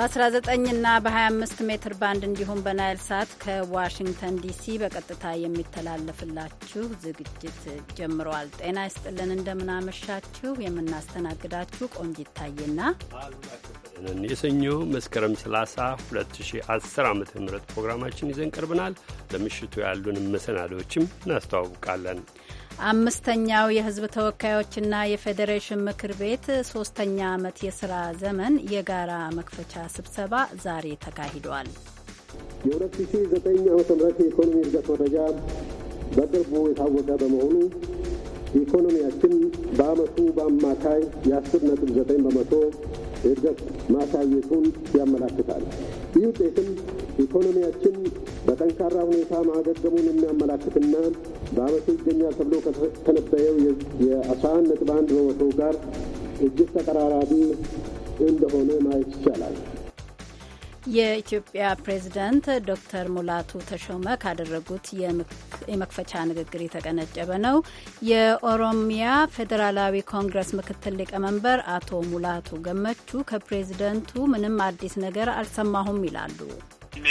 በ19ና በ25 ሜትር ባንድ እንዲሁም በናይል ሳት ከዋሽንግተን ዲሲ በቀጥታ የሚተላለፍላችሁ ዝግጅት ጀምረዋል። ጤና ይስጥልን፣ እንደምናመሻችሁ። የምናስተናግዳችሁ ቆንጅ ታዬና የሰኞ መስከረም 30 2010 ዓ ም ፕሮግራማችን ይዘን ቀርበናል። ለምሽቱ ያሉን መሰናዶዎችም እናስተዋውቃለን። አምስተኛው የህዝብ ተወካዮችና የፌዴሬሽን ምክር ቤት ሶስተኛ ዓመት የስራ ዘመን የጋራ መክፈቻ ስብሰባ ዛሬ ተካሂዷል። የ2009 ዓመተ የኢኮኖሚ እድገት መረጃ በቅርቡ የታወቀ በመሆኑ ኢኮኖሚያችን በአመቱ በአማካይ የ10.9 በመቶ እድገት ማሳየቱን ያመላክታል። ይህ ውጤትም ኢኮኖሚያችን በጠንካራ ሁኔታ ማገገሙን የሚያመላክትና በአመቱ ይገኛል ተብሎ ከተነበየው የአስራ አንድ ነጥብ አንድ በመቶ ጋር እጅግ ተቀራራቢ እንደሆነ ማየት ይቻላል። የኢትዮጵያ ፕሬዝደንት ዶክተር ሙላቱ ተሾመ ካደረጉት የመክፈቻ ንግግር የተቀነጨበ ነው። የኦሮሚያ ፌዴራላዊ ኮንግረስ ምክትል ሊቀመንበር አቶ ሙላቱ ገመቹ ከፕሬዝደንቱ ምንም አዲስ ነገር አልሰማሁም ይላሉ።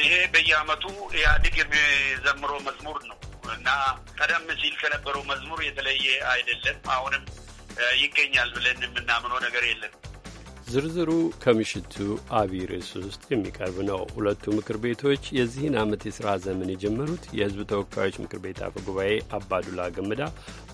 ይሄ በየዓመቱ ኢህአዴግ የሚዘምሮ መዝሙር ነው እና ቀደም ሲል ከነበረው መዝሙር የተለየ አይደለም። አሁንም ይገኛል ብለን የምናምነው ነገር የለም። ዝርዝሩ ከምሽቱ አብይ ርዕስ ውስጥ የሚቀርብ ነው። ሁለቱ ምክር ቤቶች የዚህን ዓመት የሥራ ዘመን የጀመሩት የሕዝብ ተወካዮች ምክር ቤት አፈ ጉባኤ አባዱላ ገመዳ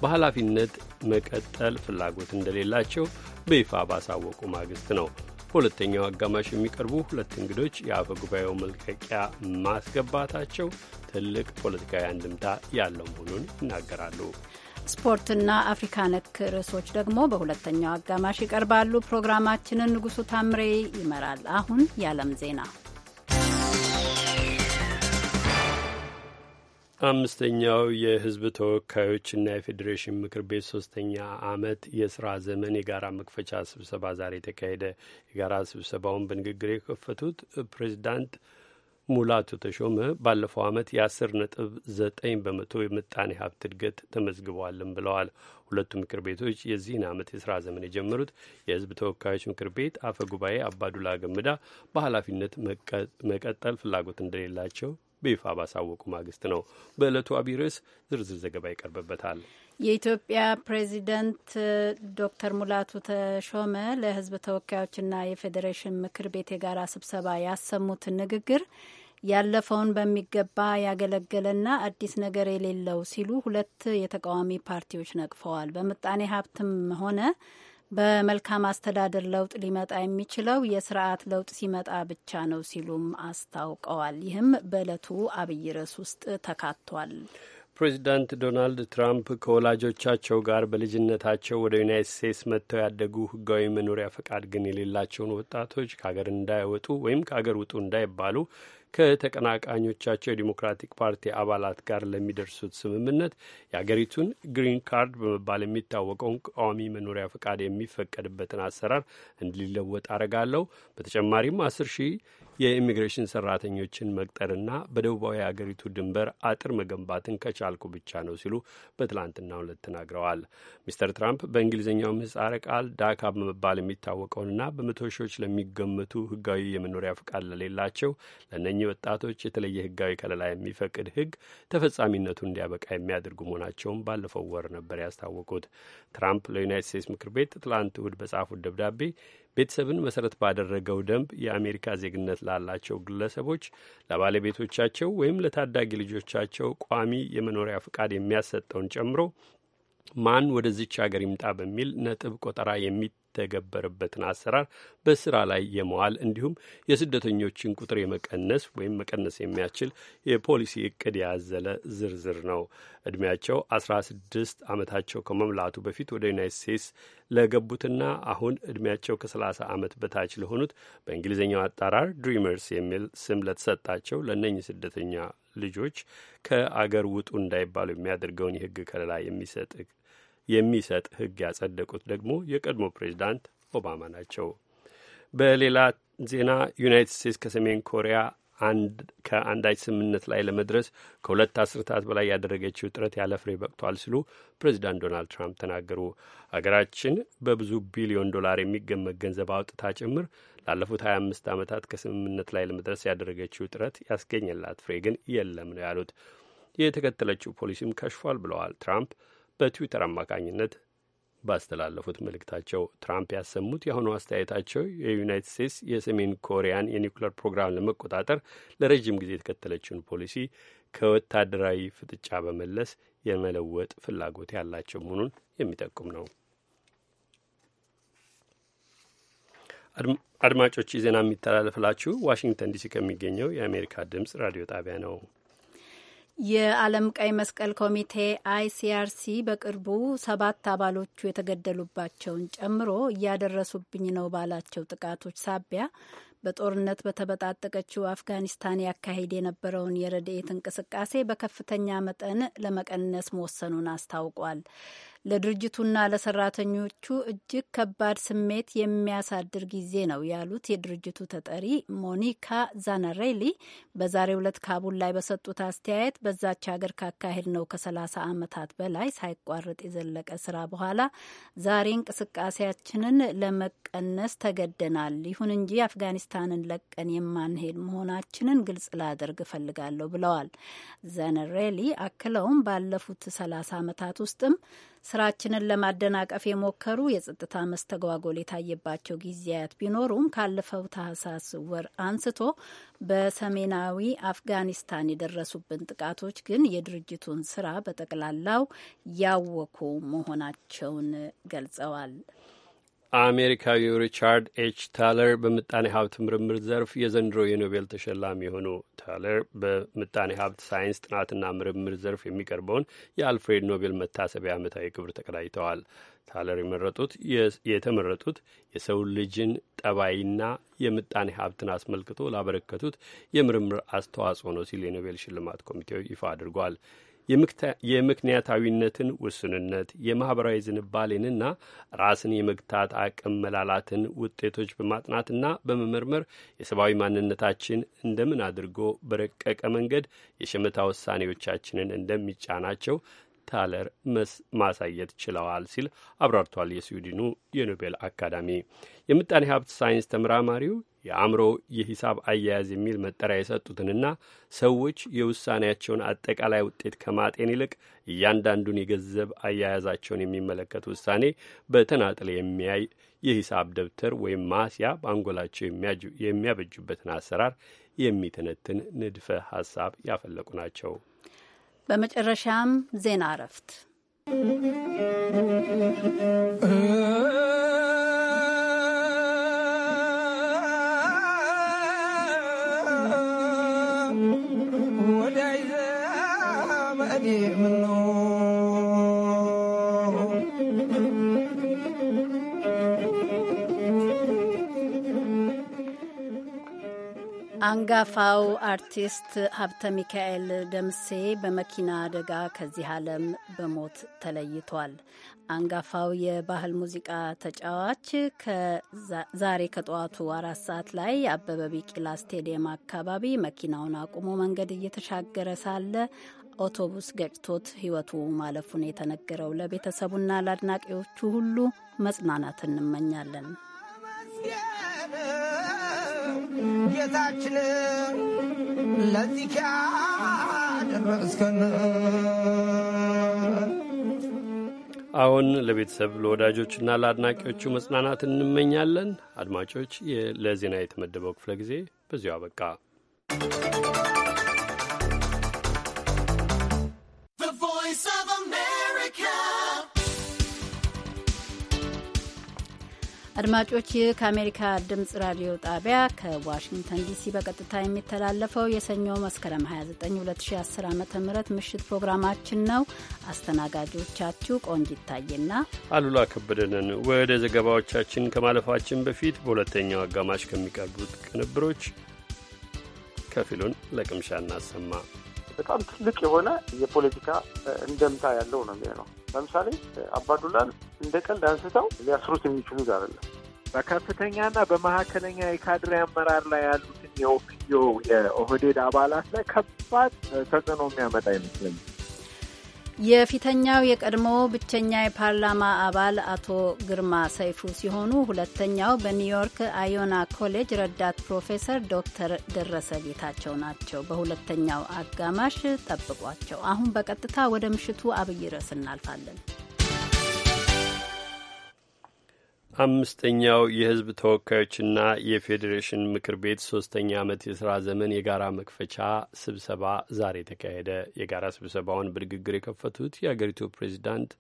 በኃላፊነት መቀጠል ፍላጎት እንደሌላቸው በይፋ ባሳወቁ ማግስት ነው። በሁለተኛው አጋማሽ የሚቀርቡ ሁለት እንግዶች የአፈ ጉባኤው መልቀቂያ ማስገባታቸው ትልቅ ፖለቲካዊ አንድምታ ያለው መሆኑን ይናገራሉ። ስፖርትና አፍሪካ ነክ ርዕሶች ደግሞ በሁለተኛው አጋማሽ ይቀርባሉ። ፕሮግራማችንን ንጉሱ ታምሬ ይመራል። አሁን የዓለም ዜና አምስተኛው የህዝብ ተወካዮችና የፌዴሬሽን ምክር ቤት ሶስተኛ አመት የስራ ዘመን የጋራ መክፈቻ ስብሰባ ዛሬ ተካሄደ። የጋራ ስብሰባውን በንግግር የከፈቱት ፕሬዚዳንት ሙላቱ ተሾመ ባለፈው ዓመት የአስር ነጥብ ዘጠኝ በመቶ የምጣኔ ሀብት እድገት ተመዝግቧልም ብለዋል። ሁለቱ ምክር ቤቶች የዚህን ዓመት የስራ ዘመን የጀመሩት የህዝብ ተወካዮች ምክር ቤት አፈ ጉባኤ አባዱላ ገመዳ በኃላፊነት መቀጠል ፍላጎት እንደሌላቸው በይፋ ባሳወቁ ማግስት ነው። በዕለቱ አቢይ ርዕስ ዝርዝር ዘገባ ይቀርብበታል። የኢትዮጵያ ፕሬዚደንት ዶክተር ሙላቱ ተሾመ ለሕዝብ ተወካዮችና የፌዴሬሽን ምክር ቤት የጋራ ስብሰባ ያሰሙትን ንግግር ያለፈውን በሚገባ ያገለገለና አዲስ ነገር የሌለው ሲሉ ሁለት የተቃዋሚ ፓርቲዎች ነቅፈዋል። በምጣኔ ሀብትም ሆነ በመልካም አስተዳደር ለውጥ ሊመጣ የሚችለው የስርዓት ለውጥ ሲመጣ ብቻ ነው ሲሉም አስታውቀዋል። ይህም በዕለቱ አብይ ርዕስ ውስጥ ተካቷል። ፕሬዚዳንት ዶናልድ ትራምፕ ከወላጆቻቸው ጋር በልጅነታቸው ወደ ዩናይት ስቴትስ መጥተው ያደጉ ህጋዊ መኖሪያ ፈቃድ ግን የሌላቸውን ወጣቶች ከሀገር እንዳይወጡ ወይም ከሀገር ውጡ እንዳይባሉ ከተቀናቃኞቻቸው የዲሞክራቲክ ፓርቲ አባላት ጋር ለሚደርሱት ስምምነት የአገሪቱን ግሪን ካርድ በመባል የሚታወቀውን ቋሚ መኖሪያ ፈቃድ የሚፈቀድበትን አሰራር እንዲለወጥ አረጋለሁ። በተጨማሪም አስር ሺህ የኢሚግሬሽን ሰራተኞችን መቅጠርና በደቡባዊ አገሪቱ ድንበር አጥር መገንባትን ከቻልኩ ብቻ ነው ሲሉ በትላንትና ሁለት ተናግረዋል። ሚስተር ትራምፕ በእንግሊዝኛው ምህጻረ ቃል ዳካ በመባል የሚታወቀውንና በመቶ ሺዎች ለሚገመቱ ህጋዊ የመኖሪያ ፈቃድ ለሌላቸው ለነ ለእኚህ ወጣቶች የተለየ ህጋዊ ከለላ የሚፈቅድ ህግ ተፈጻሚነቱ እንዲያበቃ የሚያደርጉ መሆናቸውን ባለፈው ወር ነበር ያስታወቁት። ትራምፕ ለዩናይት ስቴትስ ምክር ቤት ትላንት እሁድ በጻፉት ደብዳቤ ቤተሰብን መሰረት ባደረገው ደንብ የአሜሪካ ዜግነት ላላቸው ግለሰቦች ለባለቤቶቻቸው ወይም ለታዳጊ ልጆቻቸው ቋሚ የመኖሪያ ፍቃድ የሚያሰጠውን ጨምሮ ማን ወደዚች ሀገር ይምጣ በሚል ነጥብ ቆጠራ የሚ የተገበረበትን አሰራር በስራ ላይ የመዋል እንዲሁም የስደተኞችን ቁጥር የመቀነስ ወይም መቀነስ የሚያስችል የፖሊሲ እቅድ ያዘለ ዝርዝር ነው። እድሜያቸው ስድስት ዓመታቸው ከመምላቱ በፊት ወደ ዩናይት ስቴትስ ለገቡትና አሁን እድሜያቸው ከሰላሳ ዓመት በታች ለሆኑት በእንግሊዝኛው አጠራር ድሪመርስ የሚል ስም ለተሰጣቸው ለእነኝህ ስደተኛ ልጆች ከአገር ውጡ እንዳይባሉ የሚያደርገውን የህግ ከለላ የሚሰጥ የሚሰጥ ሕግ ያጸደቁት ደግሞ የቀድሞ ፕሬዚዳንት ኦባማ ናቸው። በሌላ ዜና ዩናይትድ ስቴትስ ከሰሜን ኮሪያ ከአንዳች ስምምነት ላይ ለመድረስ ከሁለት አስርታት በላይ ያደረገችው ጥረት ያለ ፍሬ በቅቷል ሲሉ ፕሬዚዳንት ዶናልድ ትራምፕ ተናገሩ። ሀገራችን በብዙ ቢሊዮን ዶላር የሚገመት ገንዘብ አውጥታ ጭምር ላለፉት 25 ዓመታት ከስምምነት ላይ ለመድረስ ያደረገችው ጥረት ያስገኘላት ፍሬ ግን የለም ነው ያሉት። የተከተለችው ፖሊሲም ከሽፏል ብለዋል ትራምፕ በትዊተር አማካኝነት ባስተላለፉት መልእክታቸው ትራምፕ ያሰሙት የአሁኑ አስተያየታቸው የዩናይትድ ስቴትስ የሰሜን ኮሪያን የኒውክሌር ፕሮግራም ለመቆጣጠር ለረጅም ጊዜ የተከተለችውን ፖሊሲ ከወታደራዊ ፍጥጫ በመለስ የመለወጥ ፍላጎት ያላቸው መሆኑን የሚጠቁም ነው። አድማጮች ዜና የሚተላለፍላችሁ ዋሽንግተን ዲሲ ከሚገኘው የአሜሪካ ድምጽ ራዲዮ ጣቢያ ነው። የዓለም ቀይ መስቀል ኮሚቴ አይሲአርሲ በቅርቡ ሰባት አባሎቹ የተገደሉባቸውን ጨምሮ እያደረሱብኝ ነው ባላቸው ጥቃቶች ሳቢያ በጦርነት በተበጣጠቀችው አፍጋኒስታን ያካሂድ የነበረውን የረድኤት እንቅስቃሴ በከፍተኛ መጠን ለመቀነስ መወሰኑን አስታውቋል። ለድርጅቱና ለሰራተኞቹ እጅግ ከባድ ስሜት የሚያሳድር ጊዜ ነው ያሉት የድርጅቱ ተጠሪ ሞኒካ ዛናሬሊ በዛሬው ዕለት ካቡል ላይ በሰጡት አስተያየት በዛች ሀገር ካካሄድ ነው ከ30 ዓመታት በላይ ሳይቋረጥ የዘለቀ ስራ በኋላ ዛሬ እንቅስቃሴያችንን ለመቀነስ ተገደናል። ይሁን እንጂ አፍጋኒስታንን ለቀን የማንሄድ መሆናችንን ግልጽ ላደርግ እፈልጋለሁ ብለዋል። ዛናሬሊ አክለውም ባለፉት 30 ዓመታት ውስጥም ስራችንን ለማደናቀፍ የሞከሩ የጸጥታ መስተጓጎል የታየባቸው ጊዜያት ቢኖሩም ካለፈው ታህሳስ ወር አንስቶ በሰሜናዊ አፍጋኒስታን የደረሱብን ጥቃቶች ግን የድርጅቱን ስራ በጠቅላላው ያወኩ መሆናቸውን ገልጸዋል። አሜሪካዊው ሪቻርድ ኤች ታለር በምጣኔ ሀብት ምርምር ዘርፍ የዘንድሮ የኖቤል ተሸላሚ የሆኑ ታለር በምጣኔ ሀብት ሳይንስ ጥናትና ምርምር ዘርፍ የሚቀርበውን የአልፍሬድ ኖቤል መታሰቢያ ዓመታዊ ክብር ተቀዳጅተዋል። ታለር የመረጡት የተመረጡት የሰው ልጅን ጠባይና የምጣኔ ሀብትን አስመልክቶ ላበረከቱት የምርምር አስተዋጽኦ ነው ሲል የኖቤል ሽልማት ኮሚቴው ይፋ አድርጓል። የምክንያታዊነትን ውስንነት የማኅበራዊ ዝንባሌንና ራስን የመግታት አቅም መላላትን ውጤቶች በማጥናትና በመመርመር የሰብአዊ ማንነታችን እንደምን አድርጎ በረቀቀ መንገድ የሸመታ ውሳኔዎቻችንን እንደሚጫናቸው ታለር ማሳየት ችለዋል ሲል አብራርቷል። የስዊድኑ የኖቤል አካዳሚ የምጣኔ ሀብት ሳይንስ ተመራማሪው የአእምሮ የሂሳብ አያያዝ የሚል መጠሪያ የሰጡትንና ሰዎች የውሳኔያቸውን አጠቃላይ ውጤት ከማጤን ይልቅ እያንዳንዱን የገንዘብ አያያዛቸውን የሚመለከት ውሳኔ በተናጥል የሚያይ የሂሳብ ደብተር ወይም ማስያ በአንጎላቸው የሚያበጁበትን አሰራር የሚተነትን ንድፈ ሀሳብ ያፈለቁ ናቸው። በመጨረሻም ዜና እረፍት አንጋፋው አርቲስት ሀብተ ሚካኤል ደምሴ በመኪና አደጋ ከዚህ ዓለም በሞት ተለይቷል። አንጋፋው የባህል ሙዚቃ ተጫዋች ዛሬ ከጠዋቱ አራት ሰዓት ላይ አበበ ቢቂላ ስቴዲየም አካባቢ መኪናውን አቁሞ መንገድ እየተሻገረ ሳለ አውቶቡስ ገጭቶት ሕይወቱ ማለፉን የተነገረው ለቤተሰቡና ለአድናቂዎቹ ሁሉ መጽናናት እንመኛለን። ጌታችን ለዚህ ያደረስከን አሁን ለቤተሰብ ለወዳጆችና ለአድናቂዎቹ መጽናናት እንመኛለን። አድማጮች፣ ለዜና የተመደበው ክፍለ ጊዜ በዚሁ አበቃ። አድማጮች ይህ ከአሜሪካ ድምፅ ራዲዮ ጣቢያ ከዋሽንግተን ዲሲ በቀጥታ የሚተላለፈው የሰኞ መስከረም 29 2010 ዓ ም ምሽት ፕሮግራማችን ነው። አስተናጋጆቻችሁ ቆንጅ ይታየና አሉላ ከበደንን። ወደ ዘገባዎቻችን ከማለፋችን በፊት በሁለተኛው አጋማሽ ከሚቀርቡት ቅንብሮች ከፊሉን ለቅምሻ እናሰማ። በጣም ትልቅ የሆነ የፖለቲካ እንደምታ ያለው ነው ነው ለምሳሌ አባዱላን እንደ ቀልድ አንስተው ሊያስሩት የሚችሉት አይደለም። በከፍተኛና በመካከለኛ የካድሬ አመራር ላይ ያሉትን የኦፒዮ የኦህዴድ አባላት ላይ ከባድ ተጽዕኖ የሚያመጣ ይመስለኛል። የፊተኛው የቀድሞ ብቸኛ የፓርላማ አባል አቶ ግርማ ሰይፉ ሲሆኑ ሁለተኛው በኒውዮርክ አዮና ኮሌጅ ረዳት ፕሮፌሰር ዶክተር ደረሰ ጌታቸው ናቸው። በሁለተኛው አጋማሽ ጠብቋቸው። አሁን በቀጥታ ወደ ምሽቱ አብይ ርዕስ እናልፋለን። አምስተኛው የህዝብ ተወካዮችና የፌዴሬሽን ምክር ቤት ሶስተኛ ዓመት የሥራ ዘመን የጋራ መክፈቻ ስብሰባ ዛሬ ተካሄደ። የጋራ ስብሰባውን በንግግር የከፈቱት የአገሪቱ ፕሬዚዳንት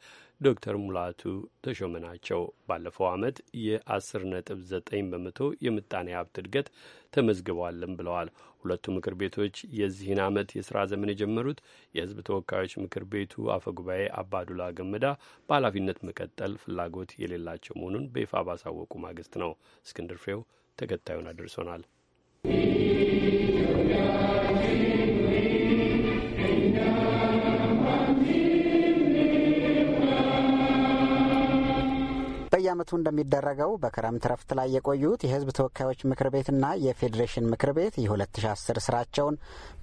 ዶክተር ሙላቱ ተሾመ ናቸው። ባለፈው ዓመት የአስር ነጥብ ዘጠኝ በመቶ የምጣኔ ሀብት እድገት ተመዝግቧልም ብለዋል። ሁለቱ ምክር ቤቶች የዚህን ዓመት የሥራ ዘመን የጀመሩት የሕዝብ ተወካዮች ምክር ቤቱ አፈ ጉባኤ አባዱላ ገመዳ በኃላፊነት መቀጠል ፍላጎት የሌላቸው መሆኑን በይፋ ባሳወቁ ማግስት ነው። እስክንድር ፍሬው ተከታዩን አድርሶናል። በየዓመቱ እንደሚደረገው በክረምት ረፍት ላይ የቆዩት የሕዝብ ተወካዮች ምክር ቤትና የፌዴሬሽን ምክር ቤት የ2010 ስራቸውን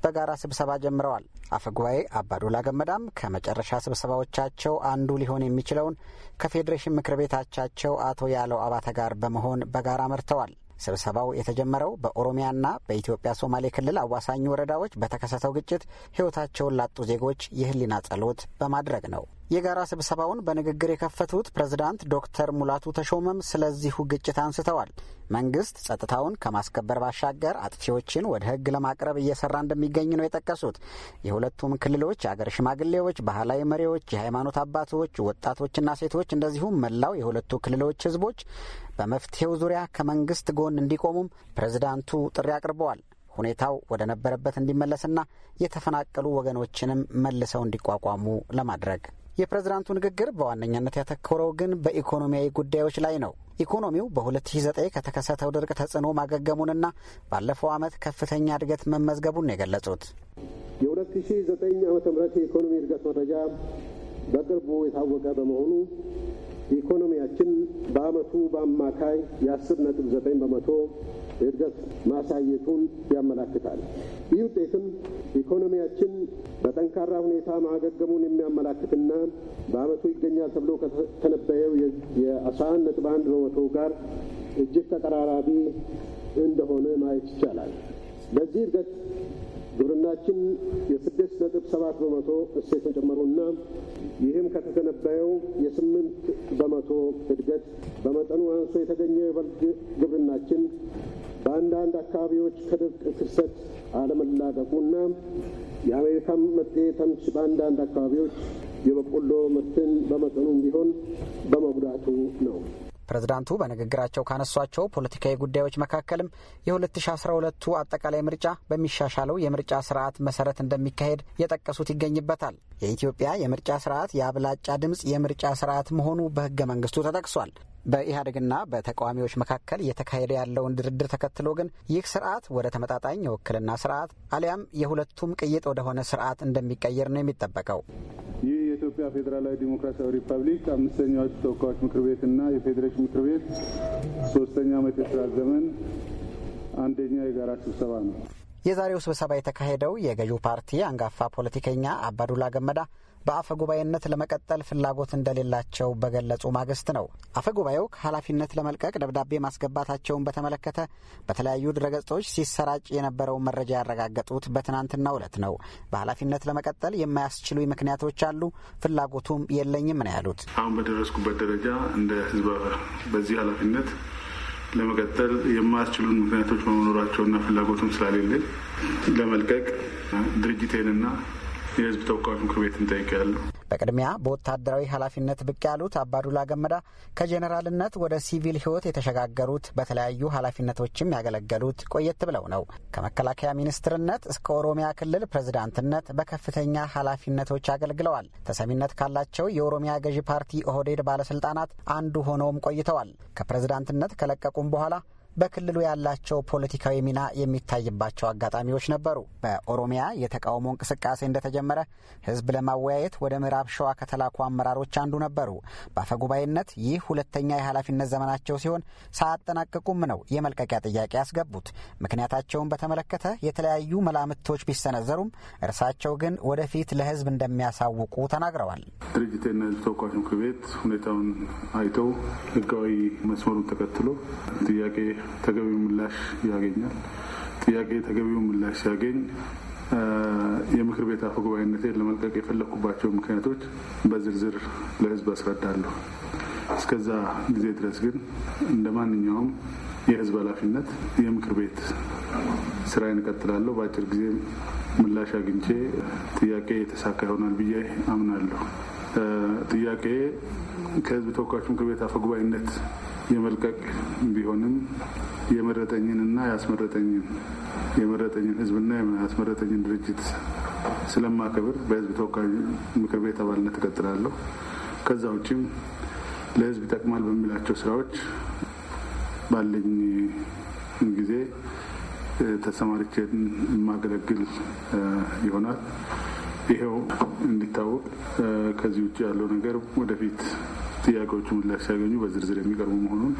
በጋራ ስብሰባ ጀምረዋል። አፈጉባኤ አባዱላ ገመዳም ከመጨረሻ ስብሰባዎቻቸው አንዱ ሊሆን የሚችለውን ከፌዴሬሽን ምክር ቤት አቻቸው አቶ ያለው አባተ ጋር በመሆን በጋራ መርተዋል። ስብሰባው የተጀመረው በኦሮሚያና በኢትዮጵያ ሶማሌ ክልል አዋሳኝ ወረዳዎች በተከሰተው ግጭት ሕይወታቸውን ላጡ ዜጎች የህሊና ጸሎት በማድረግ ነው። የጋራ ስብሰባውን በንግግር የከፈቱት ፕሬዝዳንት ዶክተር ሙላቱ ተሾመም ስለዚሁ ግጭት አንስተዋል። መንግስት ጸጥታውን ከማስከበር ባሻገር አጥፊዎችን ወደ ሕግ ለማቅረብ እየሰራ እንደሚገኝ ነው የጠቀሱት። የሁለቱም ክልሎች የአገር ሽማግሌዎች፣ ባህላዊ መሪዎች፣ የሃይማኖት አባቶች፣ ወጣቶችና ሴቶች እንደዚሁም መላው የሁለቱ ክልሎች ሕዝቦች በመፍትሄው ዙሪያ ከመንግስት ጎን እንዲቆሙም ፕሬዝዳንቱ ጥሪ አቅርበዋል። ሁኔታው ወደ ነበረበት እንዲመለስና የተፈናቀሉ ወገኖችንም መልሰው እንዲቋቋሙ ለማድረግ የፕሬዝዳንቱ ንግግር በዋነኛነት ያተኮረው ግን በኢኮኖሚያዊ ጉዳዮች ላይ ነው። ኢኮኖሚው በ2009 ከተከሰተው ድርቅ ተጽዕኖ ማገገሙንና ባለፈው ዓመት ከፍተኛ እድገት መመዝገቡን ነው የገለጹት። የ2009 .ም የኢኮኖሚ እድገት መረጃ በቅርቡ የታወቀ በመሆኑ ኢኮኖሚያችን በአመቱ በአማካይ የ 109 በመቶ እድገት ማሳየቱን ያመላክታል። ይህ ውጤትም ኢኮኖሚያችን በጠንካራ ሁኔታ ማገገሙን የሚያመላክትና በዓመቱ ይገኛል ተብሎ ከተነበየው የአስራ አንድ ነጥብ አንድ በመቶ ጋር እጅግ ተቀራራቢ እንደሆነ ማየት ይቻላል። በዚህ እድገት ግብርናችን የስድስት ነጥብ ሰባት በመቶ እሴት መጨመሩና ይህም ከተተነበየው የስምንት በመቶ እድገት በመጠኑ አንሶ የተገኘው የበልግ ግብርናችን በአንዳንድ አካባቢዎች ከድርቅ ፍሰት አለመላቀቁና የአሜሪካ መጤ ተምች በአንዳንድ አካባቢዎች የበቆሎ ምርትን በመጠኑም ቢሆን በመጉዳቱ ነው። ፕሬዝዳንቱ በንግግራቸው ካነሷቸው ፖለቲካዊ ጉዳዮች መካከልም የ2012ቱ አጠቃላይ ምርጫ በሚሻሻለው የምርጫ ስርዓት መሰረት እንደሚካሄድ የጠቀሱት ይገኝበታል። የኢትዮጵያ የምርጫ ስርዓት የአብላጫ ድምፅ የምርጫ ስርዓት መሆኑ በህገ መንግስቱ ተጠቅሷል። በኢህአዴግና በተቃዋሚዎች መካከል እየተካሄደ ያለውን ድርድር ተከትሎ ግን ይህ ስርዓት ወደ ተመጣጣኝ የውክልና ስርዓት አሊያም የሁለቱም ቅይጥ ወደሆነ ስርዓት እንደሚቀየር ነው የሚጠበቀው። ይህ የኢትዮጵያ ፌዴራላዊ ዲሞክራሲያዊ ሪፐብሊክ አምስተኛው ተወካዮች ምክር ቤትና የፌዴሬሽን ምክር ቤት ሶስተኛ ዓመት የስራ ዘመን አንደኛ የጋራ ስብሰባ ነው። የዛሬው ስብሰባ የተካሄደው የገዢው ፓርቲ አንጋፋ ፖለቲከኛ አባዱላ ገመዳ በአፈ ጉባኤነት ለመቀጠል ፍላጎት እንደሌላቸው በገለጹ ማግስት ነው። አፈ ጉባኤው ከኃላፊነት ለመልቀቅ ደብዳቤ ማስገባታቸውን በተመለከተ በተለያዩ ድረገጾች ሲሰራጭ የነበረውን መረጃ ያረጋገጡት በትናንትናው ዕለት ነው። በኃላፊነት ለመቀጠል የማያስችሉ ምክንያቶች አሉ፣ ፍላጎቱም የለኝም ነው ያሉት። አሁን በደረስኩበት ደረጃ እንደ ህዝብ በዚህ ኃላፊነት ለመቀጠል የማያስችሉን ምክንያቶች መኖራቸውና ፍላጎቱም ስላሌለኝ ለመልቀቅ ድርጅቴንና የህዝብ ተወካዮች ምክር ቤት እንጠይቃለን። በቅድሚያ በወታደራዊ ኃላፊነት ብቅ ያሉት አባዱላ ገመዳ ከጄኔራልነት ወደ ሲቪል ህይወት የተሸጋገሩት በተለያዩ ኃላፊነቶችም ያገለገሉት ቆየት ብለው ነው። ከመከላከያ ሚኒስትርነት እስከ ኦሮሚያ ክልል ፕሬዝዳንትነት በከፍተኛ ኃላፊነቶች አገልግለዋል። ተሰሚነት ካላቸው የኦሮሚያ ገዢ ፓርቲ ኦህዴድ ባለስልጣናት አንዱ ሆነውም ቆይተዋል። ከፕሬዝዳንትነት ከለቀቁም በኋላ በክልሉ ያላቸው ፖለቲካዊ ሚና የሚታይባቸው አጋጣሚዎች ነበሩ። በኦሮሚያ የተቃውሞ እንቅስቃሴ እንደተጀመረ ህዝብ ለማወያየት ወደ ምዕራብ ሸዋ ከተላኩ አመራሮች አንዱ ነበሩ። በአፈጉባኤነት ይህ ሁለተኛ የኃላፊነት ዘመናቸው ሲሆን ሳያጠናቅቁም ነው የመልቀቂያ ጥያቄ ያስገቡት። ምክንያታቸውን በተመለከተ የተለያዩ መላምቶች ቢሰነዘሩም እርሳቸው ግን ወደፊት ለህዝብ እንደሚያሳውቁ ተናግረዋል። ድርጅቴና ተወካዮች ምክር ቤት ሁኔታውን አይተው ህጋዊ መስመሩን ተከትሎ ጥያቄ ተገቢው ምላሽ ያገኛል። ጥያቄ ተገቢው ምላሽ ሲያገኝ የምክር ቤት አፈ ጉባኤነቴን ለመልቀቅ የፈለግኩባቸው ምክንያቶች በዝርዝር ለህዝብ አስረዳለሁ። እስከዛ ጊዜ ድረስ ግን እንደ ማንኛውም የህዝብ ኃላፊነት የምክር ቤት ስራዬን እቀጥላለሁ። በአጭር ጊዜ ምላሽ አግኝቼ ጥያቄ የተሳካ ይሆናል ብዬ አምናለሁ። ጥያቄ ከህዝብ ተወካዮች ምክር ቤት አፈ ጉባኤነት የመልቀቅ ቢሆንም የመረጠኝንና ያስመረጠኝን የመረጠኝን ህዝብና ያስመረጠኝን ድርጅት ስለማከብር በህዝብ ተወካዮች ምክር ቤት አባልነት እቀጥላለሁ። ከዛ ውጭም ለህዝብ ይጠቅማል በሚላቸው ስራዎች ባለኝ ጊዜ ተሰማርቼን የማገለግል ይሆናል። ይኸው እንዲታወቅ ከዚህ ውጭ ያለው ነገር ወደፊት ጥያቄዎቹ ምላሽ ሲያገኙ በዝርዝር የሚቀርቡ መሆኑን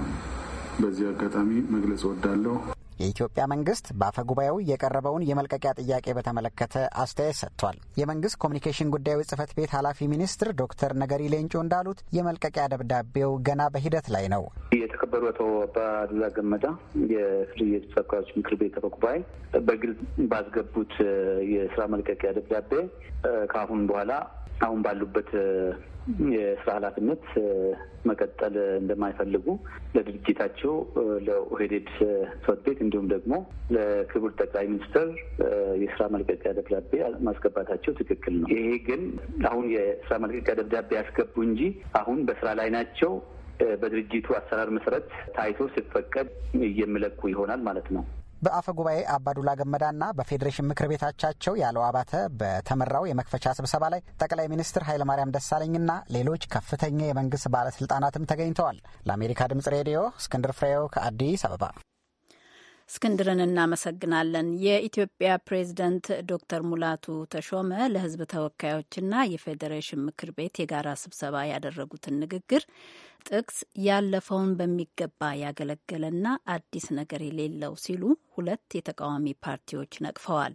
በዚህ አጋጣሚ መግለጽ እወዳለሁ። የኢትዮጵያ መንግስት በአፈ ጉባኤው የቀረበውን የመልቀቂያ ጥያቄ በተመለከተ አስተያየት ሰጥቷል። የመንግስት ኮሚኒኬሽን ጉዳዮች ጽህፈት ቤት ኃላፊ ሚኒስትር ዶክተር ነገሪ ሌንጮ እንዳሉት የመልቀቂያ ደብዳቤው ገና በሂደት ላይ ነው። የተከበሩ አቶ አባዱላ ገመዳ የፍሪ ተወካዮች ምክር ቤት አፈ ጉባኤ በግልጽ ባስገቡት የስራ መልቀቂያ ደብዳቤ ከአሁን በኋላ አሁን ባሉበት የስራ ኃላፊነት መቀጠል እንደማይፈልጉ ለድርጅታቸው ለኦህዴድ ጽሕፈት ቤት እንዲሁም ደግሞ ለክቡር ጠቅላይ ሚኒስትር የስራ መልቀቂያ ደብዳቤ ማስገባታቸው ትክክል ነው። ይሄ ግን አሁን የስራ መልቀቂያ ደብዳቤ ያስገቡ እንጂ አሁን በስራ ላይ ናቸው። በድርጅቱ አሰራር መሰረት ታይቶ ሲፈቀድ የሚለቁ ይሆናል ማለት ነው። በአፈ ጉባኤ አባዱላ ገመዳና በፌዴሬሽን ምክር ቤት አቻቸው ያለው አባተ በተመራው የመክፈቻ ስብሰባ ላይ ጠቅላይ ሚኒስትር ኃይለማርያም ደሳለኝና ሌሎች ከፍተኛ የመንግስት ባለስልጣናትም ተገኝተዋል። ለአሜሪካ ድምጽ ሬዲዮ እስክንድር ፍሬው ከአዲስ አበባ እስክንድርን እናመሰግናለን። የኢትዮጵያ ፕሬዝደንት ዶክተር ሙላቱ ተሾመ ለህዝብ ተወካዮችና የፌዴሬሽን ምክር ቤት የጋራ ስብሰባ ያደረጉትን ንግግር ጥቅስ ያለፈውን በሚገባ ያገለገለና አዲስ ነገር የሌለው ሲሉ ሁለት የተቃዋሚ ፓርቲዎች ነቅፈዋል።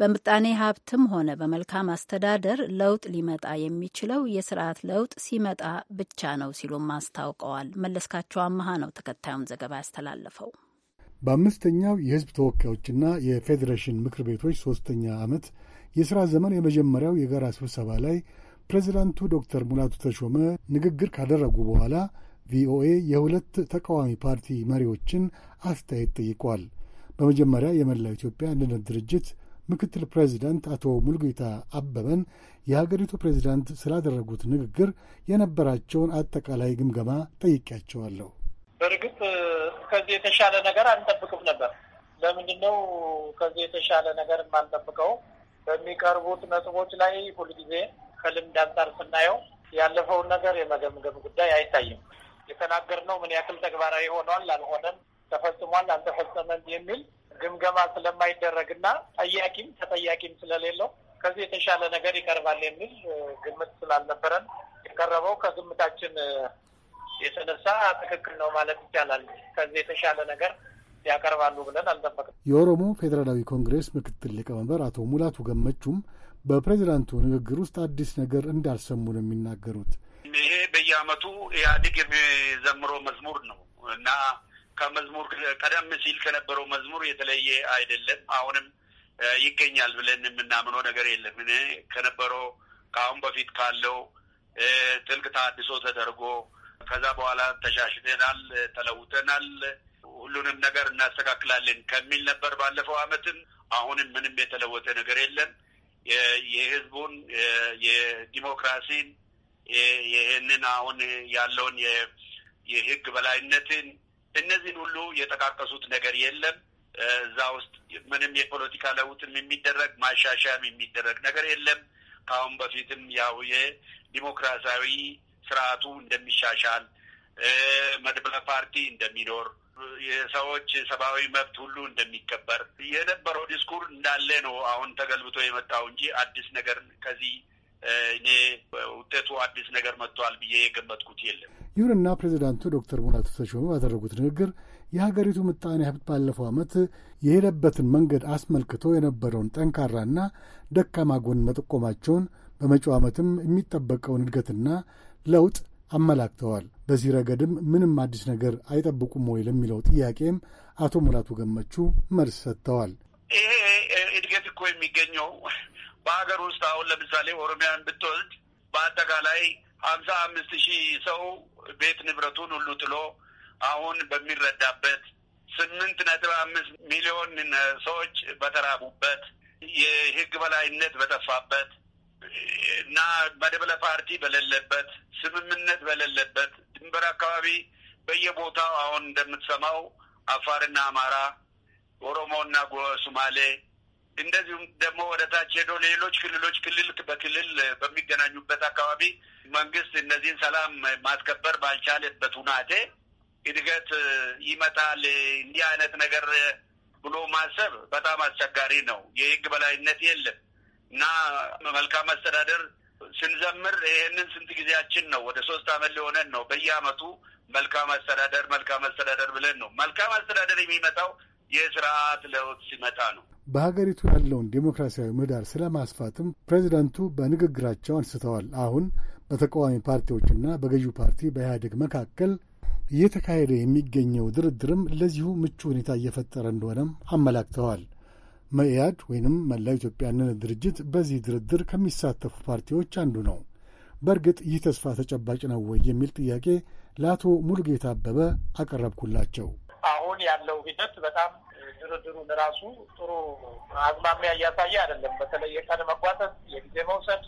በምጣኔ ሀብትም ሆነ በመልካም አስተዳደር ለውጥ ሊመጣ የሚችለው የስርዓት ለውጥ ሲመጣ ብቻ ነው ሲሉም አስታውቀዋል። መለስካቸው አመሃ ነው ተከታዩን ዘገባ ያስተላለፈው። በአምስተኛው የሕዝብ ተወካዮችና የፌዴሬሽን ምክር ቤቶች ሦስተኛ ዓመት የሥራ ዘመን የመጀመሪያው የጋራ ስብሰባ ላይ ፕሬዚዳንቱ ዶክተር ሙላቱ ተሾመ ንግግር ካደረጉ በኋላ ቪኦኤ የሁለት ተቃዋሚ ፓርቲ መሪዎችን አስተያየት ጠይቋል። በመጀመሪያ የመላው ኢትዮጵያ አንድነት ድርጅት ምክትል ፕሬዚዳንት አቶ ሙልጌታ አበበን የሀገሪቱ ፕሬዚዳንት ስላደረጉት ንግግር የነበራቸውን አጠቃላይ ግምገማ ጠይቄያቸዋለሁ። በእርግጥ ከዚህ የተሻለ ነገር አንጠብቅም ነበር። ለምንድን ነው ከዚህ የተሻለ ነገር የማንጠብቀው? በሚቀርቡት ነጥቦች ላይ ሁልጊዜ ከልምድ አንጻር ስናየው ያለፈውን ነገር የመገምገም ጉዳይ አይታይም። የተናገርነው ምን ያክል ተግባራዊ ሆኗል፣ አልሆነም፣ ተፈጽሟል፣ አልተፈጸመም የሚል ግምገማ ስለማይደረግና ጠያቂም ተጠያቂም ስለሌለው ከዚህ የተሻለ ነገር ይቀርባል የሚል ግምት ስላልነበረን የቀረበው ከግምታችን የተነሳ ትክክል ነው ማለት ይቻላል። ከዚህ የተሻለ ነገር ያቀርባሉ ብለን አልጠበቅም። የኦሮሞ ፌዴራላዊ ኮንግሬስ ምክትል ሊቀመንበር አቶ ሙላቱ ገመቹም በፕሬዚዳንቱ ንግግር ውስጥ አዲስ ነገር እንዳልሰሙ ነው የሚናገሩት። ይሄ በየዓመቱ ኢህአዴግ የሚዘምረው መዝሙር ነው እና ከመዝሙር ቀደም ሲል ከነበረው መዝሙር የተለየ አይደለም። አሁንም ይገኛል ብለን የምናምነው ነገር የለም። እኔ ከነበረው ከአሁን በፊት ካለው ጥልቅ ተሃድሶ ተደርጎ ከዛ በኋላ ተሻሽለናል፣ ተለውጠናል፣ ሁሉንም ነገር እናስተካክላለን ከሚል ነበር ባለፈው አመትም አሁንም ምንም የተለወጠ ነገር የለም። የህዝቡን የዲሞክራሲን ይህንን አሁን ያለውን የህግ በላይነትን እነዚህን ሁሉ የጠቃቀሱት ነገር የለም። እዛ ውስጥ ምንም የፖለቲካ ለውጥም የሚደረግ ማሻሻያም የሚደረግ ነገር የለም። ከአሁን በፊትም ያው የዲሞክራሲያዊ ስርዓቱ እንደሚሻሻል መድብለ ፓርቲ እንደሚኖር የሰዎች ሰብአዊ መብት ሁሉ እንደሚከበር የነበረው ዲስኩር እንዳለ ነው። አሁን ተገልብቶ የመጣው እንጂ አዲስ ነገር ከዚህ እኔ ውጤቱ አዲስ ነገር መጥቷል ብዬ የገመትኩት የለም። ይሁንና ፕሬዚዳንቱ ዶክተር ሙላቱ ተሾመ ባደረጉት ንግግር የሀገሪቱ ምጣኔ ሀብት ባለፈው ዓመት የሄደበትን መንገድ አስመልክቶ የነበረውን ጠንካራና ደካማ ጎን መጠቆማቸውን በመጪው ዓመትም የሚጠበቀውን እድገትና ለውጥ አመላክተዋል። በዚህ ረገድም ምንም አዲስ ነገር አይጠብቁም ወይ ለሚለው ጥያቄም አቶ ሙላቱ ገመቹ መልስ ሰጥተዋል። ይሄ እድገት እኮ የሚገኘው በሀገር ውስጥ አሁን ለምሳሌ ኦሮሚያን ብትወልድ በአጠቃላይ ሀምሳ አምስት ሺህ ሰው ቤት ንብረቱን ሁሉ ጥሎ አሁን በሚረዳበት ስምንት ነጥብ አምስት ሚሊዮን ሰዎች በተራቡበት የህግ በላይነት በጠፋበት እና መደበለ ፓርቲ በሌለበት ስምምነት በሌለበት ድንበር አካባቢ በየቦታው አሁን እንደምትሰማው አፋርና አማራ፣ ኦሮሞና ሶማሌ እንደዚሁም ደግሞ ወደ ታች ሄዶ ሌሎች ክልሎች ክልል በክልል በሚገናኙበት አካባቢ መንግስት እነዚህን ሰላም ማስከበር ባልቻለበት ሁናቴ እድገት ይመጣል እንዲህ አይነት ነገር ብሎ ማሰብ በጣም አስቸጋሪ ነው። የህግ በላይነት የለም። እና መልካም አስተዳደር ስንዘምር ይህንን ስንት ጊዜያችን ነው? ወደ ሶስት አመት ሊሆነን ነው። በየአመቱ መልካም አስተዳደር መልካም አስተዳደር ብለን ነው። መልካም አስተዳደር የሚመጣው የስርዓት ለውጥ ሲመጣ ነው። በሀገሪቱ ያለውን ዴሞክራሲያዊ ምህዳር ስለማስፋትም ፕሬዚዳንቱ በንግግራቸው አንስተዋል። አሁን በተቃዋሚ ፓርቲዎችና በገዢው ፓርቲ በኢህአዴግ መካከል እየተካሄደ የሚገኘው ድርድርም ለዚሁ ምቹ ሁኔታ እየፈጠረ እንደሆነም አመላክተዋል። መኢአድ ወይንም መላው ኢትዮጵያ አንድነት ድርጅት በዚህ ድርድር ከሚሳተፉ ፓርቲዎች አንዱ ነው። በእርግጥ ይህ ተስፋ ተጨባጭ ነው ወይ የሚል ጥያቄ ለአቶ ሙሉጌታ አበበ አቀረብኩላቸው። አሁን ያለው ሂደት በጣም ድርድሩን ራሱ ጥሩ አዝማሚያ እያሳየ አይደለም። በተለይ የቀን መጓተት፣ የጊዜ መውሰድ፣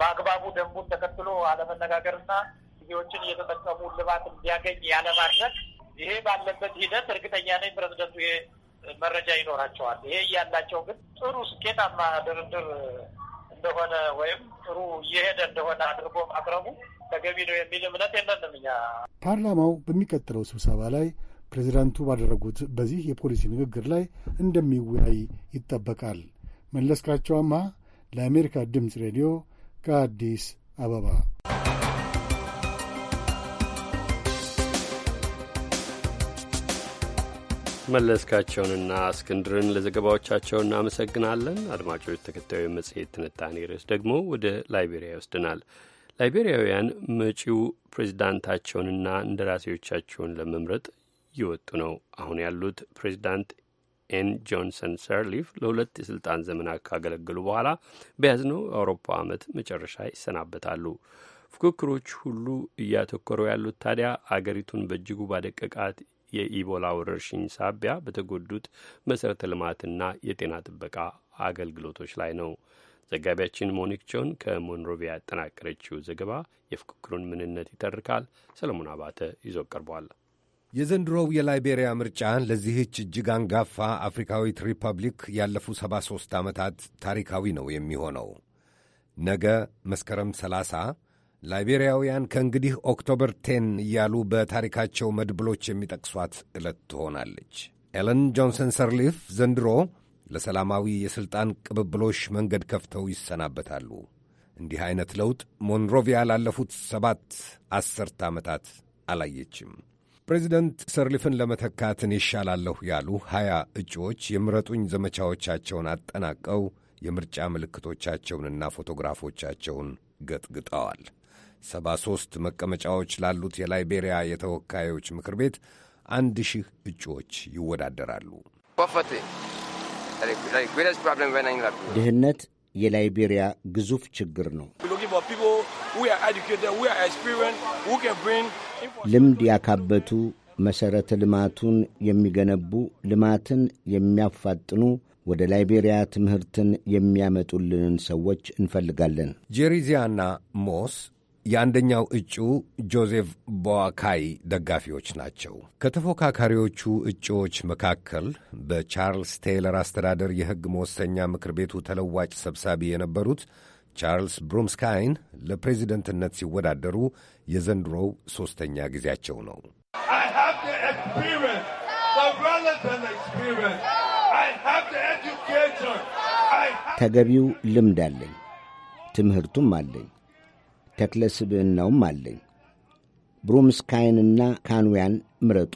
በአግባቡ ደንቡን ተከትሎ አለመነጋገርና ጊዜዎችን እየተጠቀሙ ልባት እንዲያገኝ ያለማድረግ ይሄ ባለበት ሂደት እርግጠኛ ነኝ ፕሬዚደንቱ መረጃ ይኖራቸዋል። ይሄ እያላቸው ግን ጥሩ ስኬታማ ድርድር እንደሆነ ወይም ጥሩ እየሄደ እንደሆነ አድርጎ ማቅረቡ ተገቢ ነው የሚል እምነት የለንም እኛ። ፓርላማው በሚቀጥለው ስብሰባ ላይ ፕሬዚዳንቱ ባደረጉት በዚህ የፖሊሲ ንግግር ላይ እንደሚወያይ ይጠበቃል። መለስካቸው አምሃ ለአሜሪካ ድምፅ ሬዲዮ ከአዲስ አበባ መለስካቸውንና እስክንድርን ለዘገባዎቻቸው እናመሰግናለን። አድማጮች፣ ተከታዩ መጽሔት ትንታኔ ርዕስ ደግሞ ወደ ላይቤሪያ ይወስደናል። ላይቤሪያውያን መጪው ፕሬዚዳንታቸውንና እንደራሴዎቻቸውን ለመምረጥ እየወጡ ነው። አሁን ያሉት ፕሬዚዳንት ኤን ጆንሰን ሰርሊፍ ለሁለት የስልጣን ዘመናት ካገለገሉ በኋላ በያዝነው የአውሮፓ ዓመት መጨረሻ ይሰናበታሉ። ፉክክሮች ሁሉ እያተኮረው ያሉት ታዲያ አገሪቱን በእጅጉ ባደቀቃት የኢቦላ ወረርሽኝ ሳቢያ በተጎዱት መሠረተ ልማትና የጤና ጥበቃ አገልግሎቶች ላይ ነው። ዘጋቢያችን ሞኒክ ጆን ከሞንሮቪያ ያጠናቀረችው ዘገባ የፉክክሩን ምንነት ይተርካል። ሰለሞን አባተ ይዞ ቀርቧል። የዘንድሮው የላይቤሪያ ምርጫ ለዚህች እጅግ አንጋፋ አፍሪካዊት ሪፐብሊክ ያለፉ 73 ዓመታት ታሪካዊ ነው የሚሆነው ነገ መስከረም 30 ላይቤሪያውያን ከእንግዲህ ኦክቶበር ቴን እያሉ በታሪካቸው መድብሎች የሚጠቅሷት ዕለት ትሆናለች። ኤለን ጆንሰን ሰርሊፍ ዘንድሮ ለሰላማዊ የሥልጣን ቅብብሎሽ መንገድ ከፍተው ይሰናበታሉ። እንዲህ ዐይነት ለውጥ ሞንሮቪያ ላለፉት ሰባት ዐሠርተ ዓመታት አላየችም። ፕሬዚደንት ሰርሊፍን ለመተካት እኔ ያሉ ሀያ እጩዎች የምረጡኝ ዘመቻዎቻቸውን አጠናቀው የምርጫ ምልክቶቻቸውንና ፎቶግራፎቻቸውን ገጥግጠዋል። 73 መቀመጫዎች ላሉት የላይቤሪያ የተወካዮች ምክር ቤት አንድ ሺህ እጩዎች ይወዳደራሉ። ድህነት የላይቤሪያ ግዙፍ ችግር ነው። ልምድ ያካበቱ መሠረተ ልማቱን የሚገነቡ ልማትን የሚያፋጥኑ ወደ ላይቤሪያ ትምህርትን የሚያመጡልንን ሰዎች እንፈልጋለን። ጄሪዚያና ሞስ የአንደኛው እጩ ጆዜፍ ቦዋካይ ደጋፊዎች ናቸው። ከተፎካካሪዎቹ እጩዎች መካከል በቻርልስ ቴይለር አስተዳደር የሕግ መወሰኛ ምክር ቤቱ ተለዋጭ ሰብሳቢ የነበሩት ቻርልስ ብሩምስካይን ለፕሬዚደንትነት ሲወዳደሩ የዘንድሮው ሦስተኛ ጊዜያቸው ነው። ተገቢው ልምድ አለኝ፣ ትምህርቱም አለኝ ተክለ ስብዕናውም አለኝ። ብሩምስካይንና ካንውያን ምረጡ።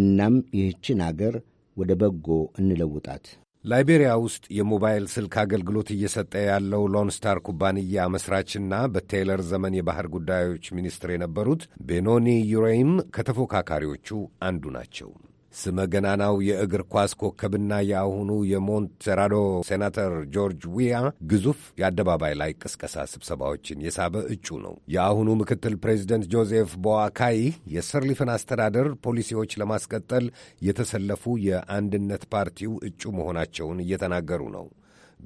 እናም ይህችን አገር ወደ በጎ እንለውጣት። ላይቤሪያ ውስጥ የሞባይል ስልክ አገልግሎት እየሰጠ ያለው ሎንስታር ኩባንያ መስራችና በቴይለር ዘመን የባህር ጉዳዮች ሚኒስትር የነበሩት ቤኖኒ ዩሬይም ከተፎካካሪዎቹ አንዱ ናቸው። ስመገናናው የእግር ኳስ ኮከብና የአሁኑ የሞንቴራዶ ሴናተር ጆርጅ ዊያ ግዙፍ የአደባባይ ላይ ቅስቀሳ ስብሰባዎችን የሳበ እጩ ነው። የአሁኑ ምክትል ፕሬዚደንት ጆዜፍ ቦዋካይ የሰርሊፍን አስተዳደር ፖሊሲዎች ለማስቀጠል የተሰለፉ የአንድነት ፓርቲው እጩ መሆናቸውን እየተናገሩ ነው።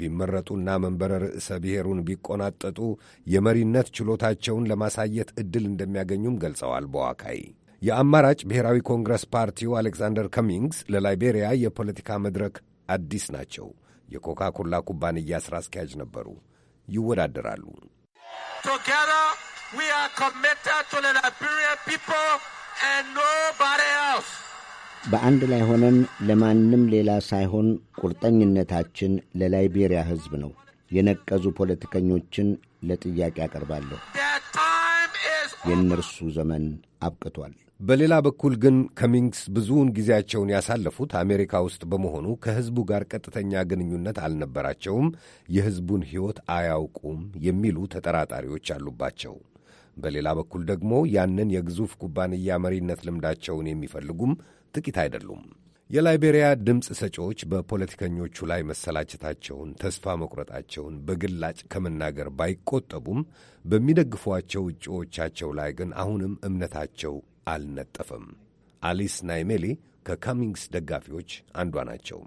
ቢመረጡና መንበረ ርዕሰ ብሔሩን ቢቆናጠጡ የመሪነት ችሎታቸውን ለማሳየት ዕድል እንደሚያገኙም ገልጸዋል ቦዋካይ የአማራጭ ብሔራዊ ኮንግረስ ፓርቲው አሌክዛንደር ከሚንግስ ለላይቤሪያ የፖለቲካ መድረክ አዲስ ናቸው። የኮካ ኮላ ኩባንያ ሥራ አስኪያጅ ነበሩ። ይወዳደራሉ። በአንድ ላይ ሆነን ለማንም ሌላ ሳይሆን ቁርጠኝነታችን ለላይቤሪያ ሕዝብ ነው። የነቀዙ ፖለቲከኞችን ለጥያቄ አቀርባለሁ። የእነርሱ ዘመን አብቅቷል። በሌላ በኩል ግን ከሚንግስ ብዙውን ጊዜያቸውን ያሳለፉት አሜሪካ ውስጥ በመሆኑ ከሕዝቡ ጋር ቀጥተኛ ግንኙነት አልነበራቸውም፣ የሕዝቡን ሕይወት አያውቁም የሚሉ ተጠራጣሪዎች አሉባቸው። በሌላ በኩል ደግሞ ያንን የግዙፍ ኩባንያ መሪነት ልምዳቸውን የሚፈልጉም ጥቂት አይደሉም። የላይቤሪያ ድምፅ ሰጪዎች በፖለቲከኞቹ ላይ መሰላቸታቸውን፣ ተስፋ መቁረጣቸውን በግላጭ ከመናገር ባይቆጠቡም በሚደግፏቸው እጩዎቻቸው ላይ ግን አሁንም እምነታቸው አልነጠፈም። አሊስ ናይሜሊ ከካሚንግስ ደጋፊዎች አንዷ ናቸው።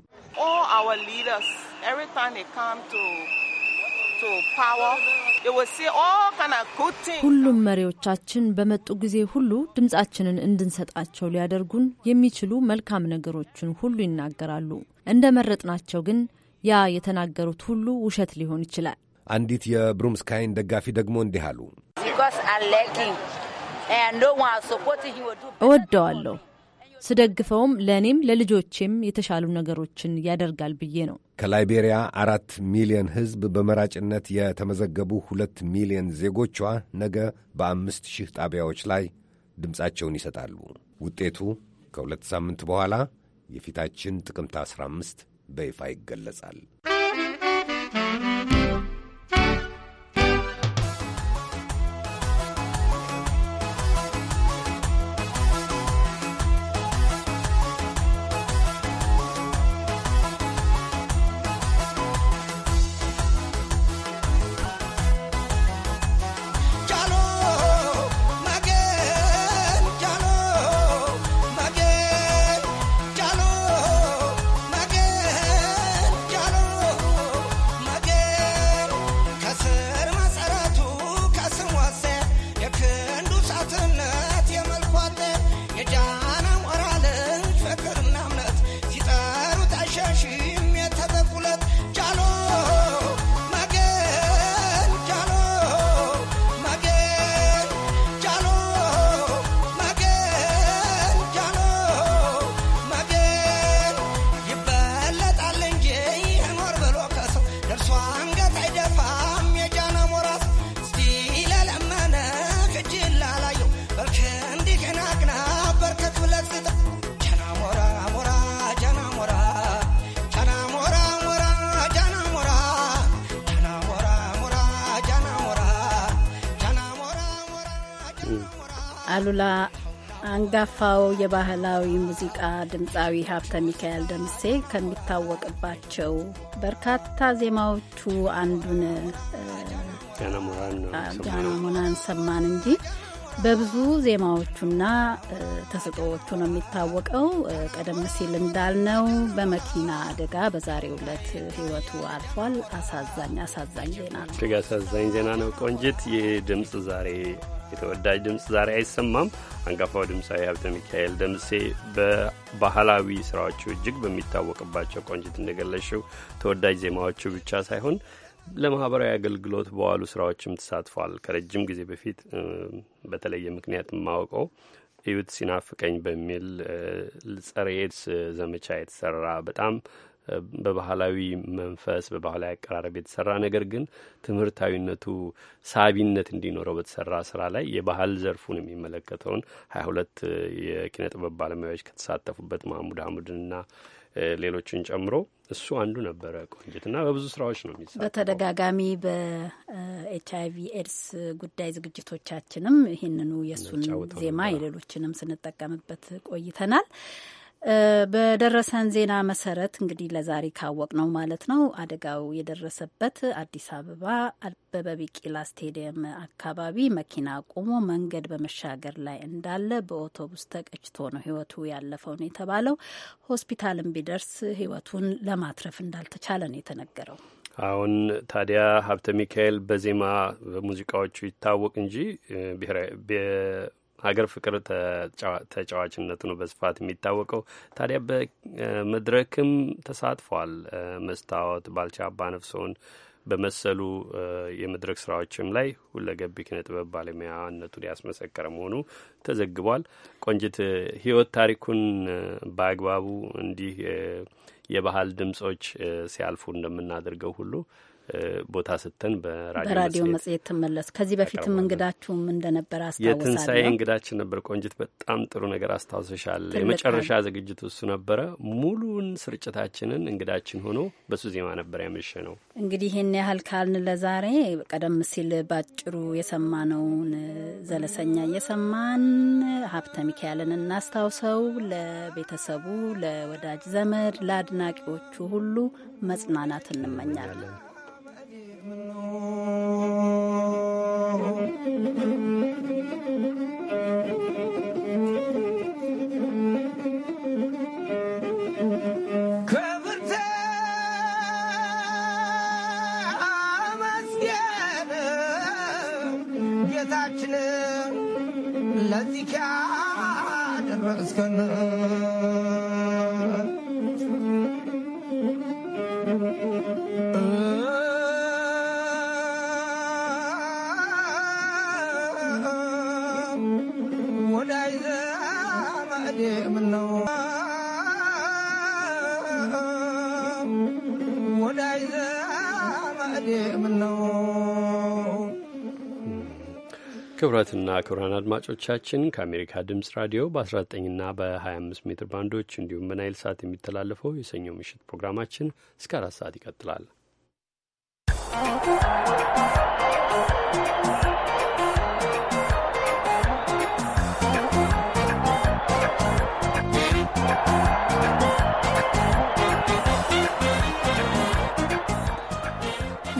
ሁሉም መሪዎቻችን በመጡ ጊዜ ሁሉ ድምጻችንን እንድንሰጣቸው ሊያደርጉን የሚችሉ መልካም ነገሮችን ሁሉ ይናገራሉ። እንደ መረጥናቸው ግን ያ የተናገሩት ሁሉ ውሸት ሊሆን ይችላል። አንዲት የብሩምስካይን ደጋፊ ደግሞ እንዲህ አሉ። እወደዋለሁ ስደግፈውም ለእኔም ለልጆቼም የተሻሉ ነገሮችን ያደርጋል ብዬ ነው። ከላይቤሪያ አራት ሚሊዮን ሕዝብ በመራጭነት የተመዘገቡ ሁለት ሚሊዮን ዜጎቿ ነገ በአምስት ሺህ ጣቢያዎች ላይ ድምፃቸውን ይሰጣሉ። ውጤቱ ከሁለት ሳምንት በኋላ የፊታችን ጥቅምት 15 በይፋ ይገለጻል። አንጋፋው የባህላዊ ሙዚቃ ድምፃዊ ሀብተ ሚካኤል ደምሴ ከሚታወቅባቸው በርካታ ዜማዎቹ አንዱን ጋናሞናን ሰማን እንጂ በብዙ ዜማዎቹና ተሰጥኦዎቹ ነው የሚታወቀው። ቀደም ሲል እንዳልነው በመኪና አደጋ በዛሬው ዕለት ሕይወቱ አልፏል። አሳዛኝ አሳዛኝ ዜና ነው። እጅግ አሳዛኝ ዜና ነው። ቆንጅት ይህ ድምፅ ዛሬ የተወዳጅ ድምፅ ዛሬ አይሰማም። አንጋፋው ድምፃዊ ሀብተ ሚካኤል ደምሴ በባህላዊ ስራዎቹ እጅግ በሚታወቅባቸው ቆንጅት እንደገለሽው ተወዳጅ ዜማዎቹ ብቻ ሳይሆን ለማህበራዊ አገልግሎት በዋሉ ስራዎችም ተሳትፏል። ከረጅም ጊዜ በፊት በተለየ ምክንያት የማወቀው እዩት ሲናፍቀኝ በሚል ጸረ ኤድስ ዘመቻ የተሰራ በጣም በባህላዊ መንፈስ በባህላዊ አቀራረብ የተሰራ ነገር ግን ትምህርታዊነቱ ሳቢነት እንዲኖረው በተሰራ ስራ ላይ የባህል ዘርፉን የሚመለከተውን ሀያ ሁለት የኪነ ጥበብ ባለሙያዎች ከተሳተፉበት ማህሙድ አህሙድንና ሌሎችን ጨምሮ እሱ አንዱ ነበረ ቆንጅት እና በብዙ ስራዎች ነው የሚሰራው። በተደጋጋሚ በኤች ቪ ኤድስ ጉዳይ ዝግጅቶቻችንም ይህንኑ የእሱን ዜማ የሌሎችንም ስንጠቀምበት ቆይተናል። በደረሰን ዜና መሰረት እንግዲህ ለዛሬ ካወቅ ነው ማለት ነው። አደጋው የደረሰበት አዲስ አበባ አበበ ቢቂላ ስቴዲየም አካባቢ መኪና ቆሞ መንገድ በመሻገር ላይ እንዳለ በኦቶቡስ ተቀጭቶ ነው ህይወቱ ያለፈው ነው የተባለው። ሆስፒታልም ቢደርስ ህይወቱን ለማትረፍ እንዳልተቻለ ነው የተነገረው። አሁን ታዲያ ሀብተ ሚካኤል በዜማ በሙዚቃዎቹ ይታወቅ እንጂ ሀገር ፍቅር ተጫዋችነቱ ነው በስፋት የሚታወቀው። ታዲያ በመድረክም ተሳትፏል። መስታወት ባልቻ አባ በመሰሉ የመድረክ ስራዎችም ላይ ሁለገብ ኪነ ጥበብ ባለሙያነቱን ያስመሰከረ መሆኑ ተዘግቧል። ቆንጅት ህይወት ታሪኩን በአግባቡ እንዲህ የባህል ድምጾች ሲያልፉ እንደምናደርገው ሁሉ ቦታ ስተን በራዲዮ መጽሔት ትመለስ። ከዚህ በፊትም እንግዳችሁም እንደነበር አስታውሳለ። የትንሣኤ እንግዳችን ነበር። ቆንጅት፣ በጣም ጥሩ ነገር አስታውሰሻል። የመጨረሻ ዝግጅት እሱ ነበረ። ሙሉን ስርጭታችንን እንግዳችን ሆኖ በሱ ዜማ ነበር ያመሸ ነው። እንግዲህ ይህን ያህል ካልን ለዛሬ ቀደም ሲል ባጭሩ የሰማነውን ዘለሰኛ እየሰማን ሀብተ ሚካኤልን እናስታውሰው። ለቤተሰቡ፣ ለወዳጅ ዘመድ፣ ለአድናቂዎቹ ሁሉ መጽናናት እንመኛለን። الله ክቡራትና ክቡራን አድማጮቻችን ከአሜሪካ ድምጽ ራዲዮ በ19ና በ25 ሜትር ባንዶች እንዲሁም በናይል ሰዓት የሚተላለፈው የሰኞ ምሽት ፕሮግራማችን እስከ አራት ሰዓት ይቀጥላል።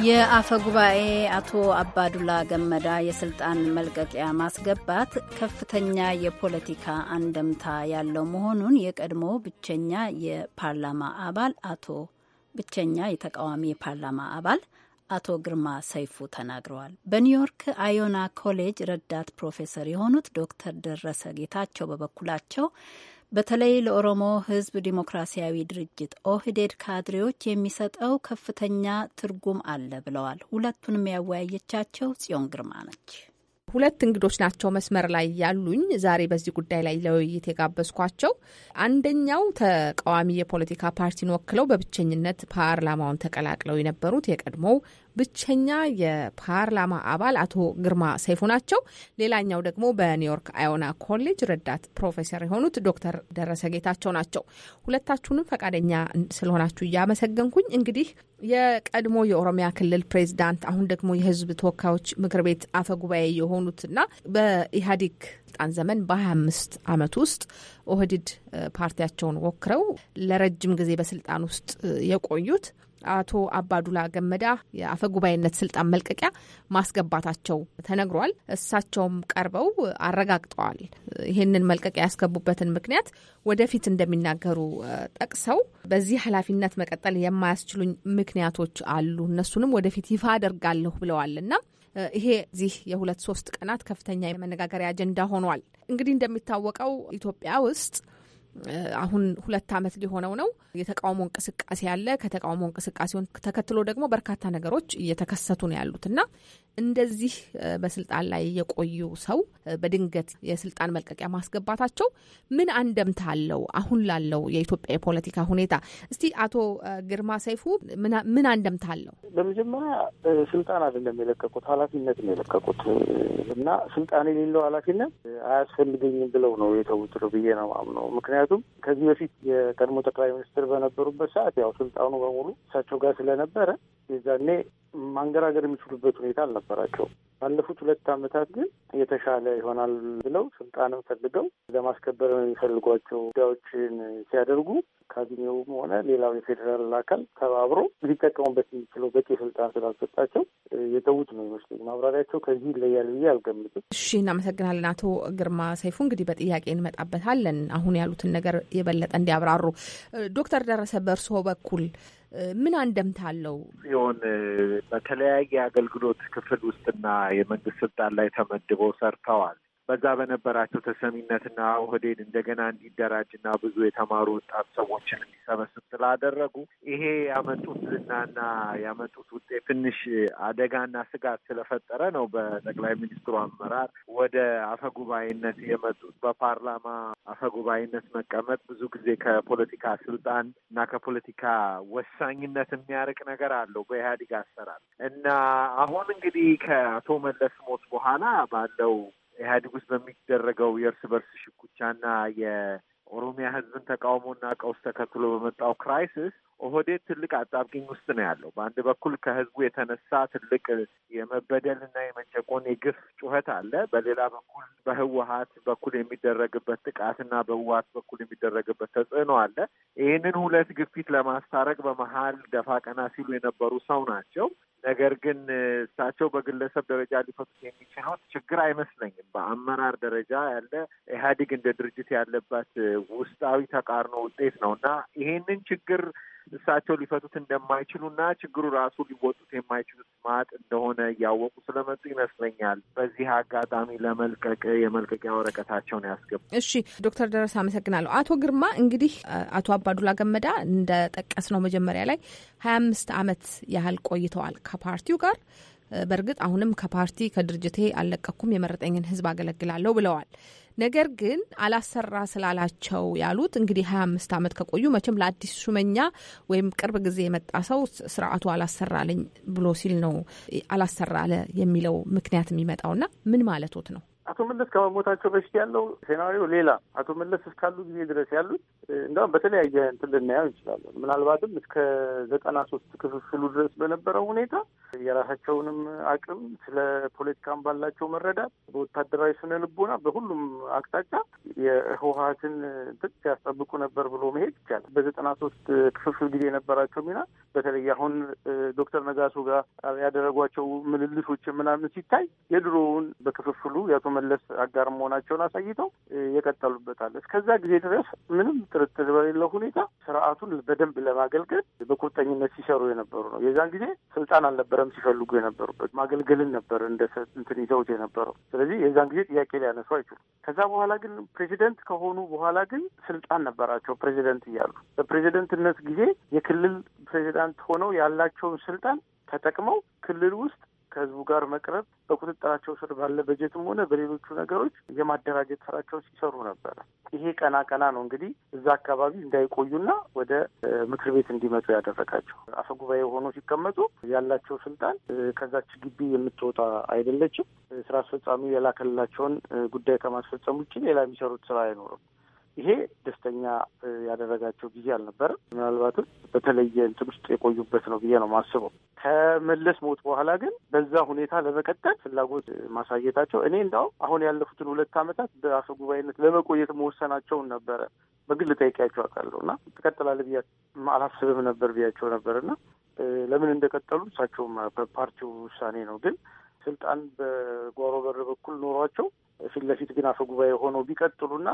የአፈ ጉባኤ አቶ አባዱላ ገመዳ የስልጣን መልቀቂያ ማስገባት ከፍተኛ የፖለቲካ አንደምታ ያለው መሆኑን የቀድሞ ብቸኛ የፓርላማ አባል አቶ ብቸኛ የተቃዋሚ የፓርላማ አባል አቶ ግርማ ሰይፉ ተናግረዋል። በኒውዮርክ አዮና ኮሌጅ ረዳት ፕሮፌሰር የሆኑት ዶክተር ደረሰ ጌታቸው በበኩላቸው በተለይ ለኦሮሞ ሕዝብ ዲሞክራሲያዊ ድርጅት ኦህዴድ ካድሬዎች የሚሰጠው ከፍተኛ ትርጉም አለ ብለዋል። ሁለቱንም ያወያየቻቸው ጽዮን ግርማ ነች። ሁለት እንግዶች ናቸው መስመር ላይ ያሉኝ ዛሬ በዚህ ጉዳይ ላይ ለውይይት የጋበዝኳቸው። አንደኛው ተቃዋሚ የፖለቲካ ፓርቲን ወክለው በብቸኝነት ፓርላማውን ተቀላቅለው የነበሩት የቀድሞው ብቸኛ የፓርላማ አባል አቶ ግርማ ሰይፉ ናቸው። ሌላኛው ደግሞ በኒውዮርክ አዮና ኮሌጅ ረዳት ፕሮፌሰር የሆኑት ዶክተር ደረሰ ጌታቸው ናቸው። ሁለታችሁንም ፈቃደኛ ስለሆናችሁ እያመሰገንኩኝ እንግዲህ የቀድሞ የኦሮሚያ ክልል ፕሬዚዳንት አሁን ደግሞ የሕዝብ ተወካዮች ምክር ቤት አፈ ጉባኤ የሆኑትና በኢህአዴግ ስልጣን ዘመን በ25 ዓመት ውስጥ ኦህዲድ ፓርቲያቸውን ወክረው ለረጅም ጊዜ በስልጣን ውስጥ የቆዩት አቶ አባዱላ ገመዳ የአፈ ጉባኤነት ስልጣን መልቀቂያ ማስገባታቸው ተነግሯል። እሳቸውም ቀርበው አረጋግጠዋል። ይህንን መልቀቂያ ያስገቡበትን ምክንያት ወደፊት እንደሚናገሩ ጠቅሰው በዚህ ኃላፊነት መቀጠል የማያስችሉኝ ምክንያቶች አሉ፣ እነሱንም ወደፊት ይፋ አደርጋለሁ ብለዋል እና ይሄ ዚህ የሁለት ሶስት ቀናት ከፍተኛ የመነጋገሪያ አጀንዳ ሆኗል። እንግዲህ እንደሚታወቀው ኢትዮጵያ ውስጥ አሁን ሁለት ዓመት ሊሆነው ነው። የተቃውሞ እንቅስቃሴ ያለ ከተቃውሞ እንቅስቃሴውን ተከትሎ ደግሞ በርካታ ነገሮች እየተከሰቱ ነው ያሉት እና እንደዚህ በስልጣን ላይ የቆዩ ሰው በድንገት የስልጣን መልቀቂያ ማስገባታቸው ምን አንደምታ አለው አሁን ላለው የኢትዮጵያ የፖለቲካ ሁኔታ? እስቲ አቶ ግርማ ሰይፉ ምን አንደምታ አለው? በመጀመሪያ ስልጣን አይደለም የለቀቁት ኃላፊነት ነው የለቀቁት እና ስልጣን የሌለው ኃላፊነት አያስፈልገኝም ብለው ነው የተውት ብዬ ነው ምክንያቱ ምክንያቱም ከዚህ በፊት የቀድሞ ጠቅላይ ሚኒስትር በነበሩበት ሰዓት ያው ስልጣኑ በሙሉ እሳቸው ጋር ስለነበረ የዛኔ ማንገራገር የሚችሉበት ሁኔታ አልነበራቸው ባለፉት ሁለት አመታት ግን የተሻለ ይሆናል ብለው ስልጣንም ፈልገው ለማስከበር የሚፈልጓቸው ጉዳዮችን ሲያደርጉ ካቢኔውም ሆነ ሌላው የፌዴራል አካል ተባብሮ ሊጠቀሙበት የሚችለው በቂ ስልጣን ስላልሰጣቸው የተዉት ነው ይመስለኝ። ማብራሪያቸው ከዚህ ይለያል ብዬ አልገምትም። እሺ፣ እናመሰግናለን አቶ ግርማ ሰይፉ። እንግዲህ በጥያቄ እንመጣበታለን። አሁን ያሉትን ነገር የበለጠ እንዲያብራሩ ዶክተር ደረሰ በእርስዎ በኩል ምን አንደምታ አለው ሲሆን በተለያየ አገልግሎት ክፍል ውስጥና የመንግስት ስልጣን ላይ ተመድበው ሰርተዋል። በዛ በነበራቸው ተሰሚነትና ኦህዴድ እንደገና እንዲደራጅና ብዙ የተማሩ ወጣት ሰዎችን እንዲሰበስብ ስላደረጉ ይሄ ያመጡት ዝናና ያመጡት ውጤት ትንሽ አደጋና ስጋት ስለፈጠረ ነው በጠቅላይ ሚኒስትሩ አመራር ወደ አፈጉባኤነት የመጡት። በፓርላማ አፈጉባኤነት መቀመጥ ብዙ ጊዜ ከፖለቲካ ስልጣን እና ከፖለቲካ ወሳኝነት የሚያርቅ ነገር አለው በኢህአዴግ አሰራር እና አሁን እንግዲህ ከአቶ መለስ ሞት በኋላ ባለው ኢህአዴግ ውስጥ በሚደረገው የእርስ በርስ ሽኩቻና የኦሮሚያ ህዝብን ተቃውሞና ቀውስ ተከትሎ በመጣው ክራይሲስ ኦህዴድ ትልቅ አጣብቂኝ ውስጥ ነው ያለው። በአንድ በኩል ከህዝቡ የተነሳ ትልቅ የመበደልና የመጨቆን የግፍ ጩኸት አለ። በሌላ በኩል በህወሀት በኩል የሚደረግበት ጥቃትና በህወሀት በኩል የሚደረግበት ተጽዕኖ አለ። ይህንን ሁለት ግፊት ለማስታረቅ በመሀል ደፋ ቀና ሲሉ የነበሩ ሰው ናቸው። ነገር ግን እሳቸው በግለሰብ ደረጃ ሊፈቱት የሚችሉት ችግር አይመስለኝም። በአመራር ደረጃ ያለ ኢህአዴግ እንደ ድርጅት ያለበት ውስጣዊ ተቃርኖ ውጤት ነው እና ይሄንን ችግር እሳቸው ሊፈቱት እንደማይችሉና ችግሩ ራሱ ሊወጡት የማይችሉት ማጥ እንደሆነ እያወቁ ስለመጡ ይመስለኛል በዚህ አጋጣሚ ለመልቀቅ የመልቀቂያ ወረቀታቸውን ያስገቡ። እሺ ዶክተር ደረሰ አመሰግናለሁ። አቶ ግርማ እንግዲህ አቶ አባዱላ ገመዳ እንደጠቀስ ነው መጀመሪያ ላይ ሀያ አምስት አመት ያህል ቆይተዋል ከፓርቲው ጋር በእርግጥ አሁንም ከፓርቲ ከድርጅቴ አልለቀኩም፣ የመረጠኝን ህዝብ አገለግላለሁ ብለዋል። ነገር ግን አላሰራ ስላላቸው ያሉት እንግዲህ ሀያ አምስት ዓመት ከቆዩ መቼም ለአዲስ ሹመኛ ወይም ቅርብ ጊዜ የመጣ ሰው ስርዓቱ አላሰራልኝ ብሎ ሲል ነው አላሰራ አለ የሚለው ምክንያት የሚመጣውና ምን ማለቶት ነው? አቶ መለስ ከመሞታቸው በፊት ያለው ሴናሪዮ ሌላ። አቶ መለስ እስካሉ ጊዜ ድረስ ያሉት እንዲሁም በተለያየ እንትን ልናየው እንችላለን። ምናልባትም እስከ ዘጠና ሶስት ክፍፍሉ ድረስ በነበረው ሁኔታ የራሳቸውንም አቅም ስለ ፖለቲካም ባላቸው መረዳት፣ በወታደራዊ ስነ ልቦና፣ በሁሉም አቅጣጫ የህወሀትን ጥቅ ሲያስጠብቁ ነበር ብሎ መሄድ ይቻላል። በዘጠና ሶስት ክፍፍል ጊዜ የነበራቸው ሚና በተለይ አሁን ዶክተር ነጋሶ ጋር ያደረጓቸው ምልልሶች ምናምን ሲታይ የድሮውን በክፍፍሉ የአቶ መለስ የመመለስ አጋር መሆናቸውን አሳይተው የቀጠሉበታል። እስከዛ ጊዜ ድረስ ምንም ጥርጥር በሌለው ሁኔታ ስርዓቱን በደንብ ለማገልገል በቁርጠኝነት ሲሰሩ የነበሩ ነው። የዛን ጊዜ ስልጣን አልነበረም ሲፈልጉ የነበሩበት ማገልገልን ነበር እንደ እንትን ይዘውት የነበረው። ስለዚህ የዛን ጊዜ ጥያቄ ሊያነሱ አይችሉም። ከዛ በኋላ ግን ፕሬዚደንት ከሆኑ በኋላ ግን ስልጣን ነበራቸው ፕሬዚደንት እያሉ በፕሬዚደንትነት ጊዜ የክልል ፕሬዚዳንት ሆነው ያላቸውን ስልጣን ተጠቅመው ክልል ውስጥ ከህዝቡ ጋር መቅረብ በቁጥጥራቸው ስር ባለ በጀትም ሆነ በሌሎቹ ነገሮች የማደራጀት ስራቸውን ሲሰሩ ነበረ። ይሄ ቀና ቀና ነው እንግዲህ እዛ አካባቢ እንዳይቆዩና ወደ ምክር ቤት እንዲመጡ ያደረጋቸው። አፈጉባኤ ሆኖ ሲቀመጡ ያላቸው ስልጣን ከዛች ግቢ የምትወጣ አይደለችም። ስራ አስፈጻሚው የላከላቸውን ጉዳይ ከማስፈጸም ውጭ ሌላ የሚሰሩት ስራ አይኖርም። ይሄ ደስተኛ ያደረጋቸው ጊዜ አልነበረም። ምናልባትም በተለየ እንትን ውስጥ የቆዩበት ነው ብዬ ነው ማስበው። ከመለስ ሞት በኋላ ግን በዛ ሁኔታ ለመቀጠል ፍላጎት ማሳየታቸው እኔ እንዲያውም አሁን ያለፉትን ሁለት ዓመታት በአፈ ጉባኤነት ለመቆየት መወሰናቸውን ነበረ በግል ጠይቄያቸው አውቃለሁ እና ትቀጥላለህ ብያ አላስብም ነበር ብያቸው ነበር እና ለምን እንደቀጠሉ እሳቸውም ፓርቲው ውሳኔ ነው ግን ስልጣን በጓሮ በር በኩል ኖሯቸው ፊት ለፊት ግን አፈ ጉባኤ ሆነው ቢቀጥሉና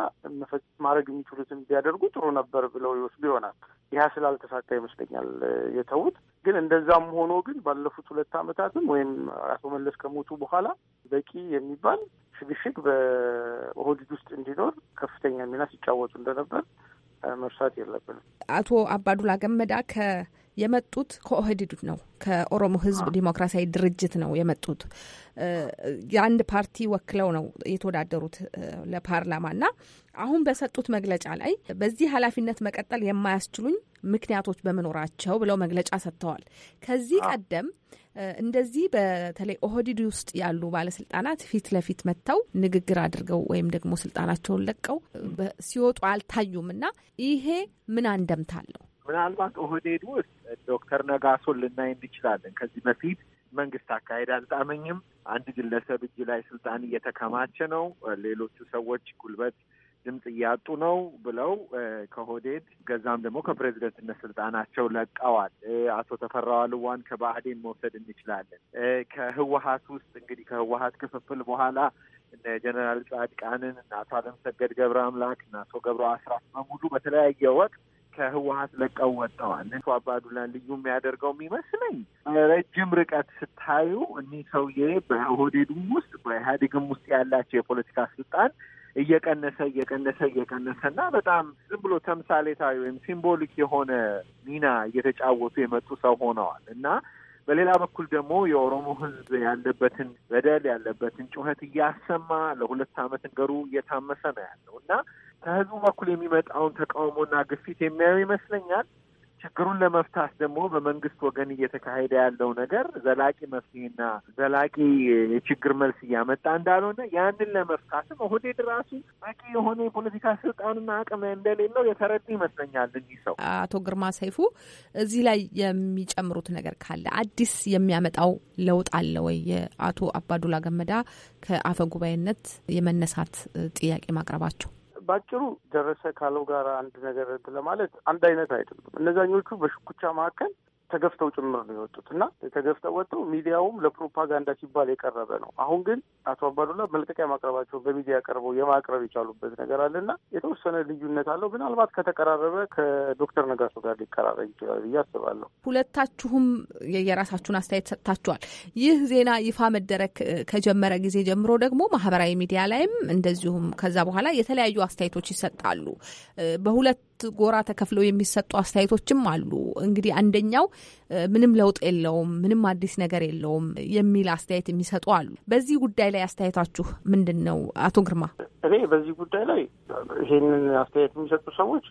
ማድረግ የሚችሉትን ቢያደርጉ ጥሩ ነበር ብለው ይወስዱ ይሆናል። ይህ ስላልተሳካ ይመስለኛል የተዉት። ግን እንደዛም ሆኖ ግን ባለፉት ሁለት ዓመታትም ወይም አቶ መለስ ከሞቱ በኋላ በቂ የሚባል ሽግሽግ በኦህዴድ ውስጥ እንዲኖር ከፍተኛ ሚና ሲጫወቱ እንደነበር መርሳት የለብንም። አቶ አባዱላ ገመዳ ከ የመጡት ከኦህዴድ ነው፣ ከኦሮሞ ህዝብ ዲሞክራሲያዊ ድርጅት ነው የመጡት። የአንድ ፓርቲ ወክለው ነው የተወዳደሩት ለፓርላማና አሁን በሰጡት መግለጫ ላይ በዚህ ኃላፊነት መቀጠል የማያስችሉኝ ምክንያቶች በመኖራቸው ብለው መግለጫ ሰጥተዋል። ከዚህ ቀደም እንደዚህ በተለይ ኦህዲድ ውስጥ ያሉ ባለስልጣናት ፊት ለፊት መጥተው ንግግር አድርገው ወይም ደግሞ ስልጣናቸውን ለቀው ሲወጡ አልታዩም እና ይሄ ምን አንደምታ ምናልባት ኦህዴድ ውስጥ ዶክተር ነጋሶን ልናይ እንችላለን። ከዚህ በፊት መንግስት አካሄድ አልጣመኝም፣ አንድ ግለሰብ እጅ ላይ ስልጣን እየተከማቸ ነው፣ ሌሎቹ ሰዎች ጉልበት ድምፅ እያጡ ነው ብለው ከሆዴድ ገዛም ደግሞ ከፕሬዚደንትነት ስልጣናቸው ለቀዋል። አቶ ተፈራ ዋልዋን ከባህዴን መውሰድ እንችላለን። ከህወሀት ውስጥ እንግዲህ ከህወሀት ክፍፍል በኋላ እነ ጀነራል ጻድቃንን እና አቶ አለም ሰገድ ገብረ አምላክ እና አቶ ገብረ አስራት በሙሉ በተለያየ ወቅት ከህወሀት ለቀው ወጥተዋል። እሱ አባዱላን ልዩ የሚያደርገው የሚመስለኝ ረጅም ርቀት ስታዩ እኒህ ሰውዬ በኦህዴድም ውስጥ በኢህአዴግም ውስጥ ያላቸው የፖለቲካ ስልጣን እየቀነሰ እየቀነሰ እየቀነሰ እና በጣም ዝም ብሎ ተምሳሌታዊ ወይም ሲምቦሊክ የሆነ ሚና እየተጫወቱ የመጡ ሰው ሆነዋል እና በሌላ በኩል ደግሞ የኦሮሞ ህዝብ ያለበትን በደል ያለበትን ጩኸት እያሰማ ለሁለት ዓመት ነገሩ እየታመሰ ነው ያለው እና ከህዝቡ በኩል የሚመጣውን ተቃውሞና ግፊት የሚያዩ ይመስለኛል። ችግሩን ለመፍታት ደግሞ በመንግስት ወገን እየተካሄደ ያለው ነገር ዘላቂ መፍትሄና ዘላቂ የችግር መልስ እያመጣ እንዳልሆነ ያንን ለመፍታትም ኦህዴድ ራሱ በቂ የሆነ የፖለቲካ ስልጣንና አቅም እንደሌለው የተረዱ ይመስለኛል እኚህ ሰው። አቶ ግርማ ሰይፉ እዚህ ላይ የሚጨምሩት ነገር ካለ አዲስ የሚያመጣው ለውጥ አለ ወይ? የአቶ አባዱላ ገመዳ ከአፈ ጉባኤነት የመነሳት ጥያቄ ማቅረባቸው ባጭሩ ደረሰ ካለው ጋር አንድ ነገር ለማለት አንድ አይነት አይደለም። እነዛኞቹ በሽኩቻ መካከል ተገፍተው ጭምር ነው የወጡት እና ተገፍተው ወጡ። ሚዲያውም ለፕሮፓጋንዳ ሲባል የቀረበ ነው። አሁን ግን አቶ አባዱላ መልቀቂያ ማቅረባቸውን በሚዲያ ቀርበው የማቅረብ የቻሉበት ነገር አለና የተወሰነ ልዩነት አለው። ምናልባት ከተቀራረበ ከዶክተር ነጋሶ ጋር ሊቀራረብ ይችላል ብዬ አስባለሁ። ሁለታችሁም የራሳችሁን አስተያየት ሰጥታችኋል። ይህ ዜና ይፋ መደረግ ከጀመረ ጊዜ ጀምሮ ደግሞ ማህበራዊ ሚዲያ ላይም እንደዚሁም ከዛ በኋላ የተለያዩ አስተያየቶች ይሰጣሉ በሁለት ጎራ ተከፍለው የሚሰጡ አስተያየቶችም አሉ። እንግዲህ አንደኛው ምንም ለውጥ የለውም፣ ምንም አዲስ ነገር የለውም የሚል አስተያየት የሚሰጡ አሉ። በዚህ ጉዳይ ላይ አስተያየታችሁ ምንድን ነው? አቶ ግርማ። እኔ በዚህ ጉዳይ ላይ ይህንን አስተያየት የሚሰጡ ሰዎች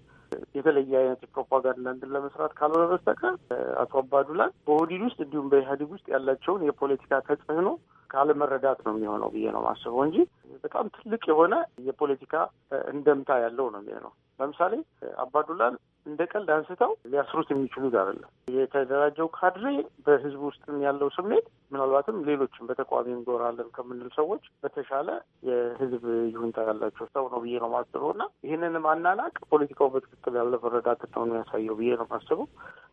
የተለየ አይነት ፕሮፓጋንዳ እንድን ለመስራት ካልሆነ በስተቀር አቶ አባዱላን በኦህዴድ ውስጥ እንዲሁም በኢህአዴግ ውስጥ ያላቸውን የፖለቲካ ተጽዕኖ ካለመረዳት ነው የሚሆነው ብዬ ነው ማስበው እንጂ በጣም ትልቅ የሆነ የፖለቲካ እንደምታ ያለው ነው የሚሆነው። ለምሳሌ አባዱላን እንደ ቀልድ አንስተው ሊያስሩት የሚችሉት አይደለም። የተደራጀው ካድሬ በህዝብ ውስጥም ያለው ስሜት ምናልባትም ሌሎችም በተቃዋሚ እንጎራለን ከምንል ሰዎች በተሻለ የህዝብ ይሁንታ ያላቸው ሰው ነው ብዬ ነው ማስበው እና ይህንንም አናናቅ ፖለቲካው በትክክል ያለ መረዳትን ነው የሚያሳየው ብዬ ነው ማስበው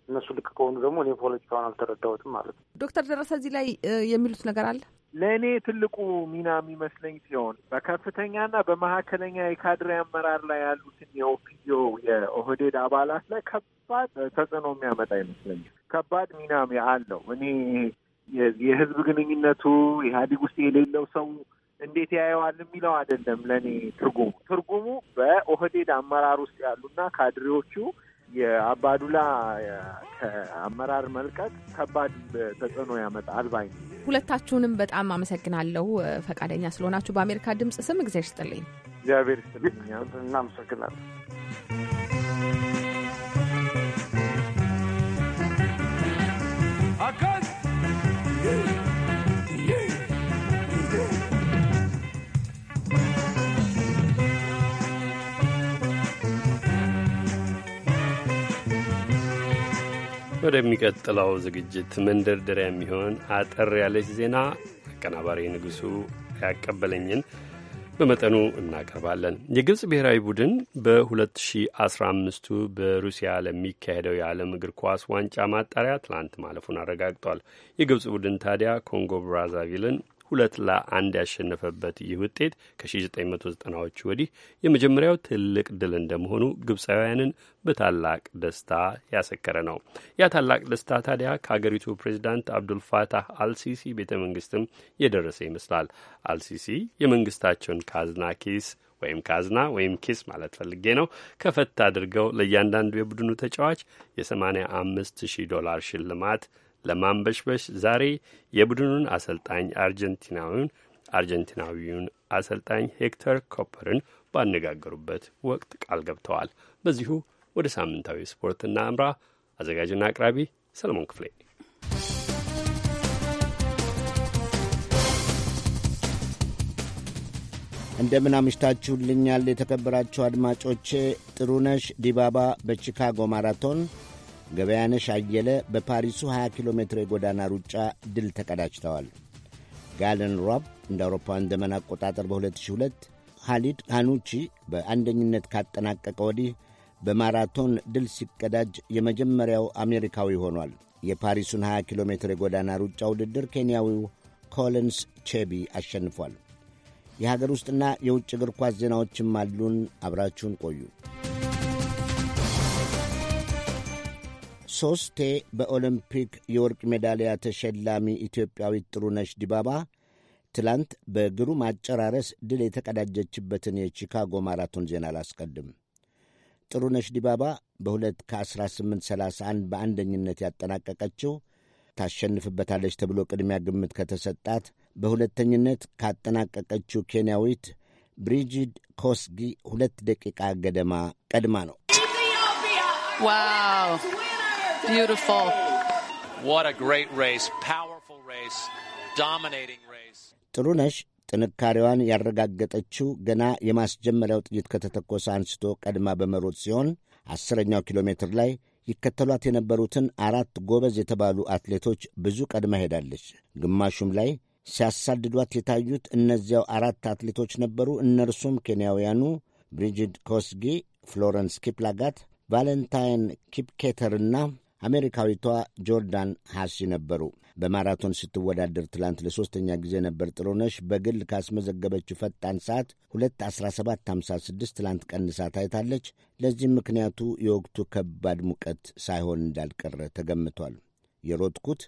እነሱ ልክ ከሆኑ ደግሞ እኔ ፖለቲካውን አልተረዳሁትም ማለት ነው። ዶክተር ደረሰ እዚህ ላይ የሚሉት ነገር አለ ለእኔ ትልቁ ሚና የሚመስለኝ ሲሆን በከፍተኛና በመካከለኛ የካድሬ አመራር ላይ ያሉትን የኦፒዮ የኦህዴድ አባላት ላይ ከባድ ተጽዕኖ የሚያመጣ ይመስለኛል። ከባድ ሚናም አለው። እኔ የህዝብ ግንኙነቱ ኢህአዴግ ውስጥ የሌለው ሰው እንዴት ያየዋል የሚለው አይደለም። ለእኔ ትርጉሙ ትርጉሙ በኦህዴድ አመራር ውስጥ ያሉና ካድሬዎቹ የአባዱላ ከአመራር መልቀቅ ከባድ ተጽዕኖ ያመጣል ባይ ሁለታችሁንም በጣም አመሰግናለሁ ፈቃደኛ ስለሆናችሁ በአሜሪካ ድምፅ ስም እግዚአብሔር ይስጥልኝ። እግዚአብሔር ይስጥልኝ። እናመሰግናለን። Good. ወደሚቀጥለው ዝግጅት መንደርደሪያ የሚሆን አጠር ያለች ዜና አቀናባሪ ንጉሱ ያቀበለኝን በመጠኑ እናቀርባለን። የግብፅ ብሔራዊ ቡድን በ2015ቱ በሩሲያ ለሚካሄደው የዓለም እግር ኳስ ዋንጫ ማጣሪያ ትላንት ማለፉን አረጋግጧል። የግብፅ ቡድን ታዲያ ኮንጎ ብራዛቪልን ሁለት ለአንድ ያሸነፈበት ይህ ውጤት ከ1990ዎቹ ወዲህ የመጀመሪያው ትልቅ ድል እንደመሆኑ ግብፃውያንን በታላቅ ደስታ ያሰከረ ነው። ያ ታላቅ ደስታ ታዲያ ከአገሪቱ ፕሬዚዳንት አብዱልፋታህ አልሲሲ ቤተ መንግስትም የደረሰ ይመስላል። አልሲሲ የመንግስታቸውን ካዝና ኪስ ወይም ካዝና ወይም ኪስ ማለት ፈልጌ ነው ከፈት አድርገው ለእያንዳንዱ የቡድኑ ተጫዋች የ85 ሺህ ዶላር ሽልማት ለማንበሽበሽ ዛሬ የቡድኑን አሰልጣኝ አርጀንቲናዊውን አርጀንቲናዊውን አሰልጣኝ ሄክተር ኮፐርን ባነጋገሩበት ወቅት ቃል ገብተዋል። በዚሁ ወደ ሳምንታዊ ስፖርትና አምራ አዘጋጅና አቅራቢ ሰለሞን ክፍሌ እንደምን አምሽታችሁልኛል የተከበራችሁ አድማጮቼ። ጥሩነሽ ዲባባ በቺካጎ ማራቶን ገበያነሽ አየለ በፓሪሱ 20 ኪሎ ሜትር የጎዳና ሩጫ ድል ተቀዳጅተዋል። ጋለን ሮብ እንደ አውሮፓውያን ዘመን አቆጣጠር በ2002 ሃሊድ ሃኑቺ በአንደኝነት ካጠናቀቀ ወዲህ በማራቶን ድል ሲቀዳጅ የመጀመሪያው አሜሪካዊ ሆኗል። የፓሪሱን 20 ኪሎ ሜትር የጎዳና ሩጫ ውድድር ኬንያዊው ኮሊንስ ቼቢ አሸንፏል። የሀገር ውስጥና የውጭ እግር ኳስ ዜናዎችም አሉን። አብራችሁን ቆዩ። ሦስቴ በኦሎምፒክ የወርቅ ሜዳሊያ ተሸላሚ ኢትዮጵያዊት ጥሩነሽ ዲባባ ትላንት በግሩም አጨራረስ ድል የተቀዳጀችበትን የቺካጎ ማራቶን ዜና አላስቀድም። ጥሩነሽ ዲባባ በ2 ከ1831 በአንደኝነት ያጠናቀቀችው ታሸንፍበታለች ተብሎ ቅድሚያ ግምት ከተሰጣት በሁለተኝነት ካጠናቀቀችው ኬንያዊት ብሪጂድ ኮስጊ ሁለት ደቂቃ ገደማ ቀድማ ነው። ዋው Beautiful. What a great race. Powerful race. Dominating race. ጥሩነሽ ጥንካሬዋን ያረጋገጠችው ገና የማስጀመሪያው ጥይት ከተተኮሰ አንስቶ ቀድማ በመሮጥ ሲሆን አስረኛው ኪሎ ሜትር ላይ ይከተሏት የነበሩትን አራት ጎበዝ የተባሉ አትሌቶች ብዙ ቀድማ ሄዳለች። ግማሹም ላይ ሲያሳድዷት የታዩት እነዚያው አራት አትሌቶች ነበሩ። እነርሱም ኬንያውያኑ ብሪጅድ ኮስጊ፣ ፍሎረንስ ኪፕላጋት፣ ቫለንታይን ኪፕኬተርና አሜሪካዊቷ ጆርዳን ሃሲ ነበሩ። በማራቶን ስትወዳደር ትላንት ለሦስተኛ ጊዜ ነበር ጥሩነሽ በግል ካስመዘገበችው ፈጣን ሰዓት 2፡17፡56 ትላንት ቀንሳ ታይታለች። ለዚህም ምክንያቱ የወቅቱ ከባድ ሙቀት ሳይሆን እንዳልቀረ ተገምቷል። የሮጥኩት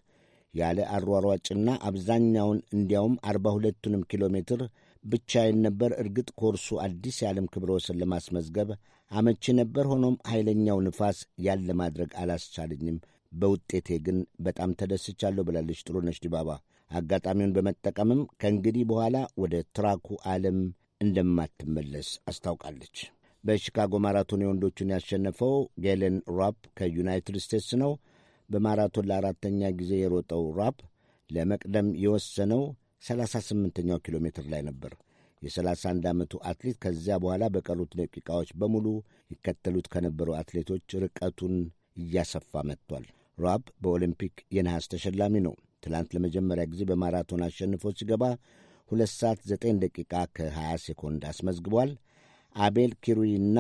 ያለ አሯሯጭና አብዛኛውን እንዲያውም 42ቱንም ኪሎ ሜትር ብቻዬን ነበር። እርግጥ ኮርሱ አዲስ የዓለም ክብረ ወሰን ለማስመዝገብ አመቺ ነበር። ሆኖም ኃይለኛው ንፋስ ያለ ማድረግ አላስቻለኝም። በውጤቴ ግን በጣም ተደስቻለሁ ብላለች ጥሩነሽ ዲባባ። አጋጣሚውን በመጠቀምም ከእንግዲህ በኋላ ወደ ትራኩ ዓለም እንደማትመለስ አስታውቃለች። በሽካጎ ማራቶን የወንዶቹን ያሸነፈው ጌለን ራፕ ከዩናይትድ ስቴትስ ነው። በማራቶን ለአራተኛ ጊዜ የሮጠው ራፕ ለመቅደም የወሰነው 38ኛው ኪሎ ሜትር ላይ ነበር። የ31 ዓመቱ አትሌት ከዚያ በኋላ በቀሩት ደቂቃዎች በሙሉ ይከተሉት ከነበሩ አትሌቶች ርቀቱን እያሰፋ መጥቷል። ሯብ በኦሊምፒክ የነሐስ ተሸላሚ ነው። ትላንት ለመጀመሪያ ጊዜ በማራቶን አሸንፎ ሲገባ 2 ሰዓት 9 ደቂቃ ከ20 ሴኮንድ አስመዝግቧል። አቤል ኪሩይና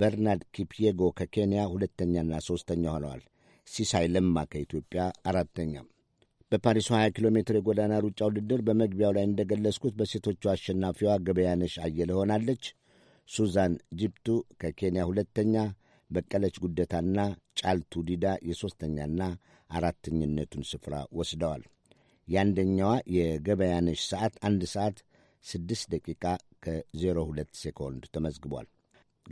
በርናርድ ኪፕዬጎ ከኬንያ ሁለተኛና ሦስተኛ ሆነዋል። ሲሳይ ለማ ከኢትዮጵያ አራተኛ በፓሪሱ 20 ኪሎ ሜትር የጎዳና ሩጫ ውድድር በመግቢያው ላይ እንደገለጽኩት በሴቶቹ አሸናፊዋ ገበያነሽ አየለ ሆናለች። ሱዛን ጂፕቱ ከኬንያ ሁለተኛ፣ በቀለች ጉደታና ጫልቱ ዲዳ የሦስተኛና አራተኝነቱን ስፍራ ወስደዋል። የአንደኛዋ የገበያነሽ ሰዓት አንድ ሰዓት 6 ደቂቃ ከ02 ሴኮንድ ተመዝግቧል።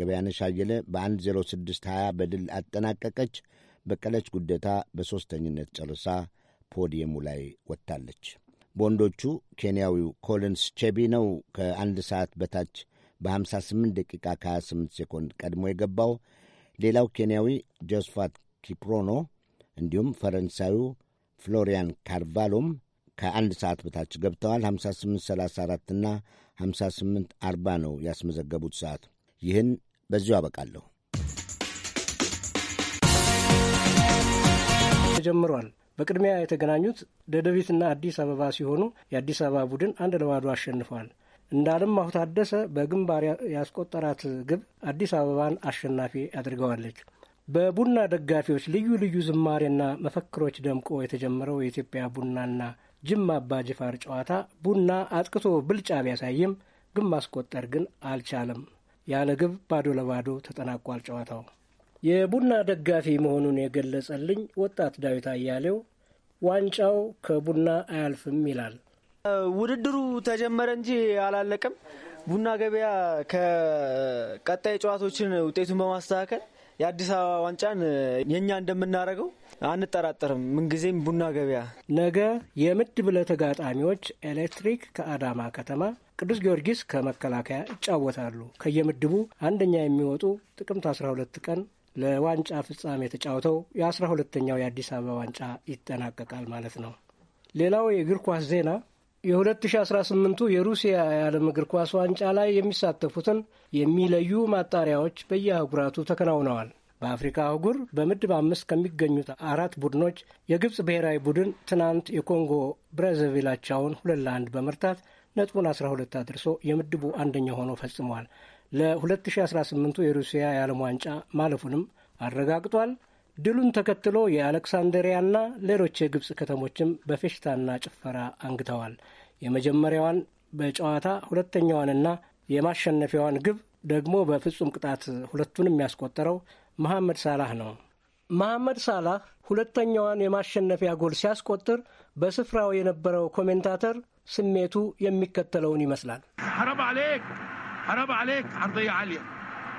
ገበያነሽ አየለ በ10620 በድል አጠናቀቀች። በቀለች ጉደታ በሦስተኝነት ጨርሳ ፖዲየሙ ላይ ወጥታለች። በወንዶቹ ኬንያዊው ኮሊንስ ቼቢ ነው ከአንድ ሰዓት በታች በ58 ደቂቃ ከ28 ሴኮንድ ቀድሞ የገባው። ሌላው ኬንያዊ ጆስፋት ኪፕሮኖ እንዲሁም ፈረንሳዩ ፍሎሪያን ካርቫሎም ከአንድ ሰዓት በታች ገብተዋል። 5834 እና 5840 ነው ያስመዘገቡት ሰዓት። ይህን በዚሁ አበቃለሁ። ተጀምሯል። በቅድሚያ የተገናኙት ደደቢትና አዲስ አበባ ሲሆኑ የአዲስ አበባ ቡድን አንድ ለባዶ አሸንፏል። እንዳለማሁ ታደሰ በግንባር ያስቆጠራት ግብ አዲስ አበባን አሸናፊ አድርገዋለች። በቡና ደጋፊዎች ልዩ ልዩ ዝማሬና መፈክሮች ደምቆ የተጀመረው የኢትዮጵያ ቡናና ጅማ አባ ጅፋር ጨዋታ ቡና አጥቅቶ ብልጫ ቢያሳይም ግን ማስቆጠር ግን አልቻለም። ያለ ግብ ባዶ ለባዶ ተጠናቋል ጨዋታው። የቡና ደጋፊ መሆኑን የገለጸልኝ ወጣት ዳዊት አያሌው ዋንጫው ከቡና አያልፍም ይላል። ውድድሩ ተጀመረ እንጂ አላለቀም። ቡና ገበያ ከቀጣይ ጨዋታዎችን ውጤቱን በማስተካከል የአዲስ አበባ ዋንጫን የእኛ እንደምናደርገው አንጠራጠርም። ምንጊዜም ቡና ገበያ ነገ የምድብ ለተጋጣሚዎች ኤሌክትሪክ ከአዳማ ከተማ፣ ቅዱስ ጊዮርጊስ ከመከላከያ ይጫወታሉ። ከየምድቡ አንደኛ የሚወጡ ጥቅምት 12 ቀን ለዋንጫ ፍጻሜ የተጫወተው የአስራ ሁለተኛው የአዲስ አበባ ዋንጫ ይጠናቀቃል ማለት ነው። ሌላው የእግር ኳስ ዜና የ2018ቱ የሩሲያ የዓለም እግር ኳስ ዋንጫ ላይ የሚሳተፉትን የሚለዩ ማጣሪያዎች በየአህጉራቱ ተከናውነዋል። በአፍሪካ አህጉር በምድብ አምስት ከሚገኙት አራት ቡድኖች የግብፅ ብሔራዊ ቡድን ትናንት የኮንጎ ብረዘቪላቻውን ሁለት ለአንድ በመርታት ነጥቡን 12 አድርሶ የምድቡ አንደኛ ሆኖ ፈጽሟል። ለ2018ቱ የሩሲያ የዓለም ዋንጫ ማለፉንም አረጋግጧል። ድሉን ተከትሎ የአሌክሳንደሪያና ሌሎች የግብፅ ከተሞችም በፌሽታና ጭፈራ አንግተዋል። የመጀመሪያዋን በጨዋታ ሁለተኛዋንና የማሸነፊያዋን ግብ ደግሞ በፍጹም ቅጣት ሁለቱንም ያስቆጠረው መሐመድ ሳላህ ነው። መሐመድ ሳላህ ሁለተኛዋን የማሸነፊያ ጎል ሲያስቆጥር በስፍራው የነበረው ኮሜንታተር ስሜቱ የሚከተለውን ይመስላል። ሐረብ አሌክ حرام عليك عرضية عالية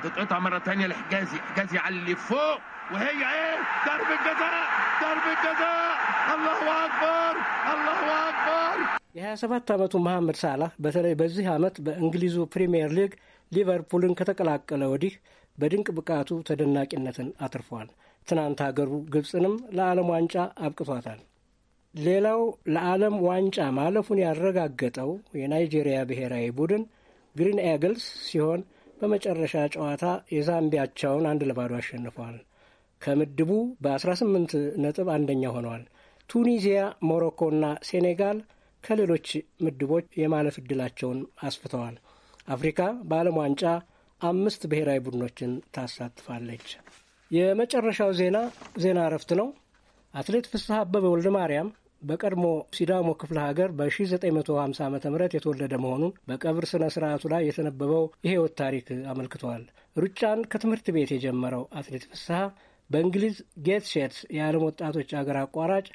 تتقطع مرة تانية لحجازي حجازي علي فوق وهي ايه ضرب الجزاء ضرب الجزاء الله اكبر الله اكبر የ27 ዓመቱ መሐመድ ሳላህ በተለይ በዚህ ዓመት በእንግሊዙ ፕሪምየር ሊግ ሊቨርፑልን ከተቀላቀለ ወዲህ በድንቅ ብቃቱ ተደናቂነትን አትርፏል። ትናንት ሀገሩ ግብፅንም ለዓለም ዋንጫ አብቅቷታል። ሌላው ለዓለም ዋንጫ ማለፉን ያረጋገጠው የናይጄሪያ ብሔራዊ ቡድን ግሪን ኤግልስ ሲሆን በመጨረሻ ጨዋታ የዛምቢያቸውን አንድ ለባዶ አሸንፏል። ከምድቡ በ18 ነጥብ አንደኛ ሆኗል። ቱኒዚያ፣ ሞሮኮና ሴኔጋል ከሌሎች ምድቦች የማለፍ ዕድላቸውን አስፍተዋል። አፍሪካ በዓለም ዋንጫ አምስት ብሔራዊ ቡድኖችን ታሳትፋለች። የመጨረሻው ዜና ዜና እረፍት ነው። አትሌት ፍስሐ አበበ ወልደ ማርያም በቀድሞ ሲዳሞ ክፍለ ሀገር በ1950 ዓ ም የተወለደ መሆኑን በቀብር ስነ ስርዓቱ ላይ የተነበበው የህይወት ታሪክ አመልክቷል። ሩጫን ከትምህርት ቤት የጀመረው አትሌት ፍስሐ በእንግሊዝ ጌትሴትስ የዓለም ወጣቶች አገር አቋራጭ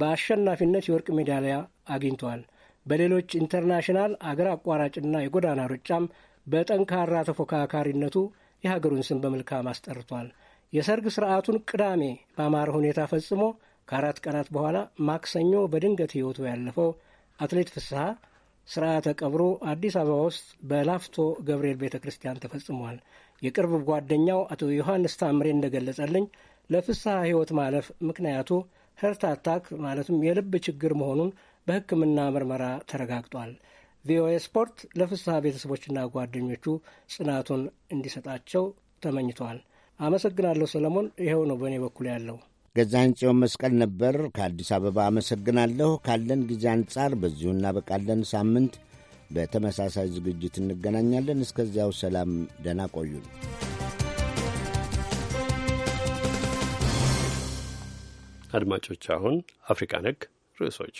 በአሸናፊነት የወርቅ ሜዳሊያ አግኝቷል። በሌሎች ኢንተርናሽናል አገር አቋራጭና የጎዳና ሩጫም በጠንካራ ተፎካካሪነቱ የሀገሩን ስም በመልካም አስጠርቷል። የሰርግ ስርዓቱን ቅዳሜ በአማረ ሁኔታ ፈጽሞ ከአራት ቀናት በኋላ ማክሰኞ በድንገት ሕይወቱ ያለፈው አትሌት ፍስሐ ስርዓተ ቀብሩ አዲስ አበባ ውስጥ በላፍቶ ገብርኤል ቤተ ክርስቲያን ተፈጽሟል። የቅርብ ጓደኛው አቶ ዮሐንስ ታምሬ እንደገለጸልኝ ለፍስሐ ሕይወት ማለፍ ምክንያቱ ሄርት አታክ ማለትም የልብ ችግር መሆኑን በሕክምና ምርመራ ተረጋግጧል። ቪኦኤ ስፖርት ለፍስሐ ቤተሰቦችና ጓደኞቹ ጽናቱን እንዲሰጣቸው ተመኝቷል። አመሰግናለሁ ሰለሞን። ይኸው ነው በእኔ በኩል ያለው። ገዛኸኝ ጽዮን መስቀል ነበር ከአዲስ አበባ አመሰግናለሁ። ካለን ጊዜ አንጻር በዚሁ እናበቃለን። ሳምንት በተመሳሳይ ዝግጅት እንገናኛለን። እስከዚያው ሰላም፣ ደህና ቆዩን። አድማጮች፣ አሁን አፍሪካ ነክ ርዕሶች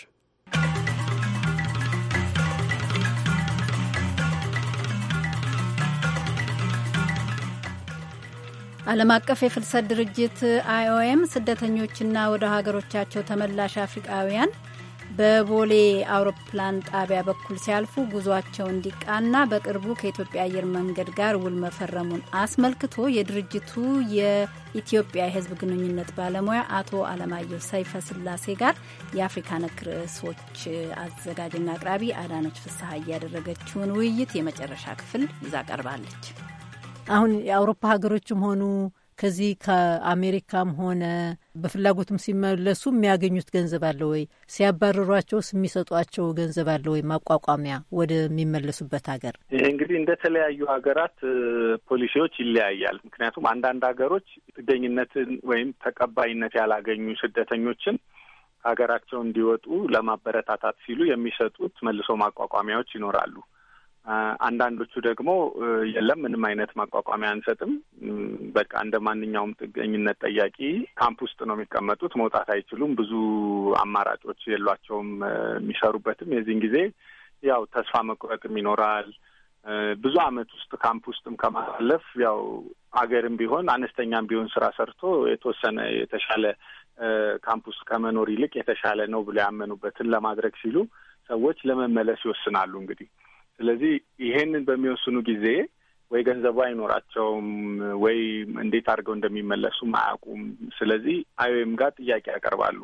ዓለም አቀፍ የፍልሰት ድርጅት አይኦኤም ስደተኞችና ወደ ሀገሮቻቸው ተመላሽ አፍሪቃውያን በቦሌ አውሮፕላን ጣቢያ በኩል ሲያልፉ ጉዟቸው እንዲቃና በቅርቡ ከኢትዮጵያ አየር መንገድ ጋር ውል መፈረሙን አስመልክቶ የድርጅቱ የኢትዮጵያ የሕዝብ ግንኙነት ባለሙያ አቶ አለማየሁ ሰይፈ ስላሴ ጋር የአፍሪካ ነክ ርዕሶች አዘጋጅና አቅራቢ አዳነች ፍስሐ እያደረገችውን ውይይት የመጨረሻ ክፍል ይዛ ቀርባለች። አሁን የአውሮፓ ሀገሮችም ሆኑ ከዚህ ከአሜሪካም ሆነ በፍላጎትም ሲመለሱ የሚያገኙት ገንዘብ አለ ወይ? ሲያባረሯቸውስ የሚሰጧቸው ገንዘብ አለ ወይ? ማቋቋሚያ ወደሚመለሱበት ሀገር። ይሄ እንግዲህ እንደ ተለያዩ ሀገራት ፖሊሲዎች ይለያያል። ምክንያቱም አንዳንድ ሀገሮች ጥገኝነትን ወይም ተቀባይነት ያላገኙ ስደተኞችን ሀገራቸው እንዲወጡ ለማበረታታት ሲሉ የሚሰጡት መልሶ ማቋቋሚያዎች ይኖራሉ። አንዳንዶቹ ደግሞ የለም ምንም አይነት ማቋቋሚያ አንሰጥም፣ በቃ እንደ ማንኛውም ጥገኝነት ጠያቂ ካምፕ ውስጥ ነው የሚቀመጡት፣ መውጣት አይችሉም፣ ብዙ አማራጮች የሏቸውም የሚሰሩበትም። የዚህን ጊዜ ያው ተስፋ መቁረጥም ይኖራል። ብዙ አመት ውስጥ ካምፕ ውስጥም ከማሳለፍ ያው አገርም ቢሆን አነስተኛም ቢሆን ስራ ሰርቶ የተወሰነ የተሻለ ካምፕ ውስጥ ከመኖር ይልቅ የተሻለ ነው ብሎ ያመኑበትን ለማድረግ ሲሉ ሰዎች ለመመለስ ይወስናሉ እንግዲህ ስለዚህ ይሄንን በሚወስኑ ጊዜ ወይ ገንዘቡ አይኖራቸውም ወይ እንዴት አድርገው እንደሚመለሱም አያውቁም። ስለዚህ አይወይም ጋር ጥያቄ ያቀርባሉ።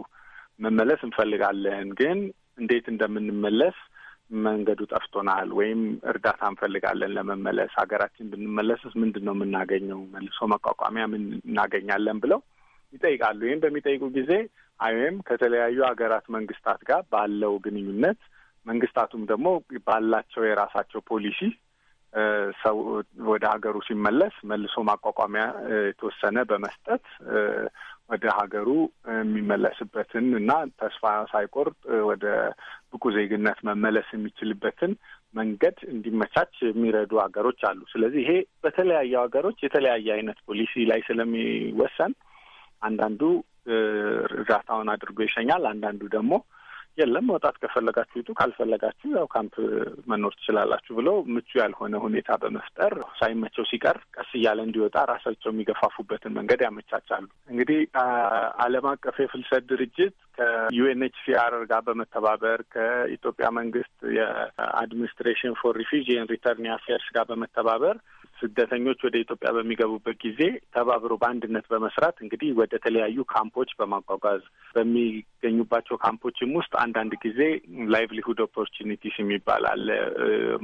መመለስ እንፈልጋለን፣ ግን እንዴት እንደምንመለስ መንገዱ ጠፍቶናል፣ ወይም እርዳታ እንፈልጋለን ለመመለስ ሀገራችን ብንመለስስ ምንድን ነው የምናገኘው? መልሶ መቋቋሚያ ምን እናገኛለን? ብለው ይጠይቃሉ። ይህም በሚጠይቁ ጊዜ አይወይም ከተለያዩ ሀገራት መንግስታት ጋር ባለው ግንኙነት መንግስታቱም ደግሞ ባላቸው የራሳቸው ፖሊሲ ሰው ወደ ሀገሩ ሲመለስ መልሶ ማቋቋሚያ የተወሰነ በመስጠት ወደ ሀገሩ የሚመለስበትን እና ተስፋ ሳይቆርጥ ወደ ብቁ ዜግነት መመለስ የሚችልበትን መንገድ እንዲመቻች የሚረዱ ሀገሮች አሉ። ስለዚህ ይሄ በተለያዩ ሀገሮች የተለያየ አይነት ፖሊሲ ላይ ስለሚወሰን አንዳንዱ እርዳታውን አድርጎ ይሸኛል፣ አንዳንዱ ደግሞ የለም መውጣት ከፈለጋችሁ ይጡ፣ ካልፈለጋችሁ ያው ካምፕ መኖር ትችላላችሁ ብለው ምቹ ያልሆነ ሁኔታ በመፍጠር ሳይመቸው ሲቀር ቀስ እያለ እንዲወጣ ራሳቸው የሚገፋፉበትን መንገድ ያመቻቻሉ። እንግዲህ ዓለም አቀፍ የፍልሰት ድርጅት ከዩኤንኤችሲአር ጋር በመተባበር ከኢትዮጵያ መንግስት የአድሚኒስትሬሽን ፎር ሪፊጂ ሪተርኒ አፌርስ ጋር በመተባበር ስደተኞች ወደ ኢትዮጵያ በሚገቡበት ጊዜ ተባብሮ በአንድነት በመስራት እንግዲህ ወደ ተለያዩ ካምፖች በማጓጓዝ በሚገኙባቸው ካምፖችም ውስጥ አንዳንድ ጊዜ ላይቭሊሁድ ኦፖርቹኒቲስ የሚባል አለ።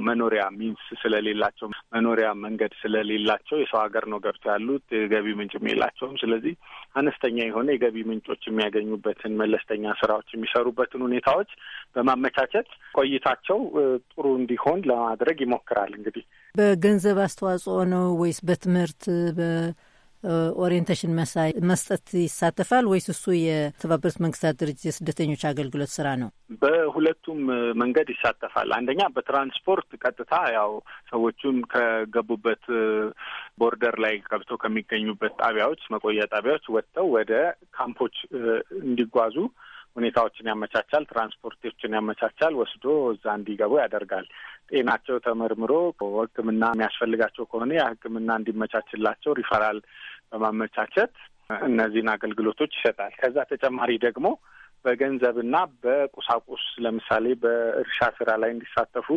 መኖሪያ ሚንስ ስለሌላቸው መኖሪያ መንገድ ስለሌላቸው የሰው ሀገር ነው ገብቶ ያሉት ገቢ ምንጭም የላቸውም። ስለዚህ አነስተኛ የሆነ የገቢ ምንጮች የሚያገኙበትን መለስተኛ ስራዎች የሚሰሩበትን ሁኔታዎች በማመቻቸት ቆይታቸው ጥሩ እንዲሆን ለማድረግ ይሞክራል እንግዲህ በገንዘብ አስተዋጽኦ ነው ወይስ በትምህርት በኦሪየንቴሽን መሳይ መስጠት ይሳተፋል ወይስ እሱ የተባበሩት መንግስታት ድርጅት የስደተኞች አገልግሎት ስራ ነው? በሁለቱም መንገድ ይሳተፋል። አንደኛ በትራንስፖርት ቀጥታ ያው ሰዎቹን ከገቡበት ቦርደር ላይ ገብተው ከሚገኙበት ጣቢያዎች፣ መቆያ ጣቢያዎች ወጥተው ወደ ካምፖች እንዲጓዙ ሁኔታዎችን ያመቻቻል፣ ትራንስፖርቶችን ያመቻቻል፣ ወስዶ እዛ እንዲገቡ ያደርጋል። ጤናቸው ተመርምሮ ሕክምና የሚያስፈልጋቸው ከሆነ ያ ሕክምና እንዲመቻችላቸው ሪፈራል በማመቻቸት እነዚህን አገልግሎቶች ይሰጣል። ከዛ ተጨማሪ ደግሞ በገንዘብና በቁሳቁስ ለምሳሌ በእርሻ ስራ ላይ እንዲሳተፉ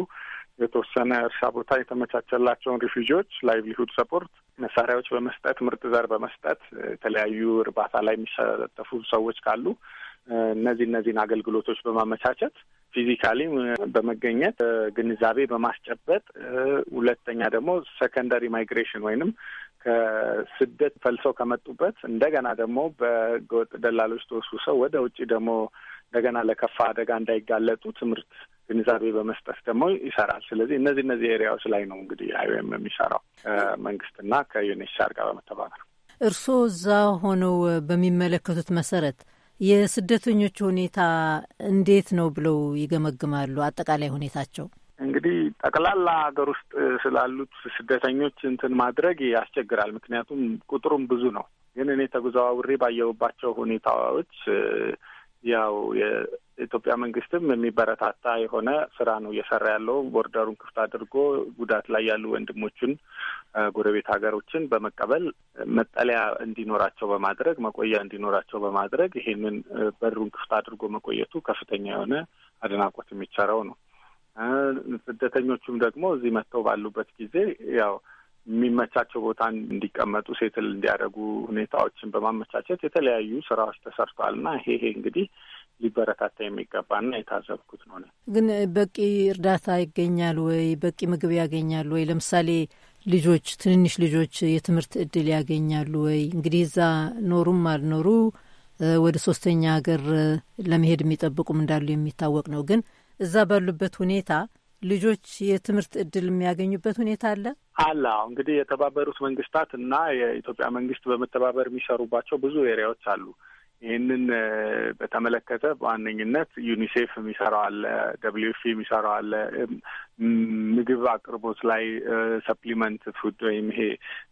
የተወሰነ እርሻ ቦታ የተመቻቸላቸውን ሪፊጂዎች ላይቭሊሁድ ሰፖርት መሳሪያዎች በመስጠት ምርጥ ዘር በመስጠት የተለያዩ እርባታ ላይ የሚሳተፉ ሰዎች ካሉ እነዚህ እነዚህን አገልግሎቶች በማመቻቸት ፊዚካሊ በመገኘት ግንዛቤ በማስጨበጥ ሁለተኛ ደግሞ ሰከንደሪ ማይግሬሽን ወይንም ከስደት ፈልሰው ከመጡበት እንደገና ደግሞ በህገወጥ ደላሎች ተወሱ ሰው ወደ ውጭ ደግሞ እንደገና ለከፋ አደጋ እንዳይጋለጡ ትምህርት ግንዛቤ በመስጠት ደግሞ ይሰራል። ስለዚህ እነዚህ እነዚህ ኤሪያዎች ላይ ነው እንግዲህ አይወይም የሚሰራው መንግስትና ከዩኔስቻር ጋር በመተባበር እርስዎ እዛ ሆነው በሚመለከቱት መሰረት የስደተኞች ሁኔታ እንዴት ነው ብለው ይገመግማሉ? አጠቃላይ ሁኔታቸው እንግዲህ ጠቅላላ ሀገር ውስጥ ስላሉት ስደተኞች እንትን ማድረግ ያስቸግራል። ምክንያቱም ቁጥሩም ብዙ ነው። ግን እኔ ተዘዋውሬ ባየሁባቸው ሁኔታዎች ያው ኢትዮጵያ መንግስትም የሚበረታታ የሆነ ስራ ነው እየሰራ ያለው። ቦርደሩን ክፍት አድርጎ ጉዳት ላይ ያሉ ወንድሞችን ጎረቤት ሀገሮችን በመቀበል መጠለያ እንዲኖራቸው በማድረግ መቆያ እንዲኖራቸው በማድረግ ይሄንን በሩን ክፍት አድርጎ መቆየቱ ከፍተኛ የሆነ አድናቆት የሚቸረው ነው። ስደተኞቹም ደግሞ እዚህ መጥተው ባሉበት ጊዜ ያው የሚመቻቸው ቦታ እንዲቀመጡ ሴትል እንዲያደርጉ ሁኔታዎችን በማመቻቸት የተለያዩ ስራዎች ተሰርቷል እና ይሄ ይሄ እንግዲህ ሊበረታታ የሚገባና የታዘብኩት ነው። ግን በቂ እርዳታ ይገኛል ወይ? በቂ ምግብ ያገኛሉ ወይ? ለምሳሌ ልጆች፣ ትንንሽ ልጆች የትምህርት እድል ያገኛሉ ወይ? እንግዲህ እዛ ኖሩም አልኖሩ ወደ ሶስተኛ ሀገር ለመሄድ የሚጠብቁም እንዳሉ የሚታወቅ ነው። ግን እዛ ባሉበት ሁኔታ ልጆች የትምህርት እድል የሚያገኙበት ሁኔታ አለ አለ። እንግዲህ የተባበሩት መንግስታት እና የኢትዮጵያ መንግስት በመተባበር የሚሰሩባቸው ብዙ ኤሪያዎች አሉ። ይህንን በተመለከተ በዋነኝነት ዩኒሴፍ የሚሰራው አለ፣ ደብሊው ኤፍ የሚሰራው አለ። ምግብ አቅርቦት ላይ ሰፕሊመንት ፉድ ወይም ይሄ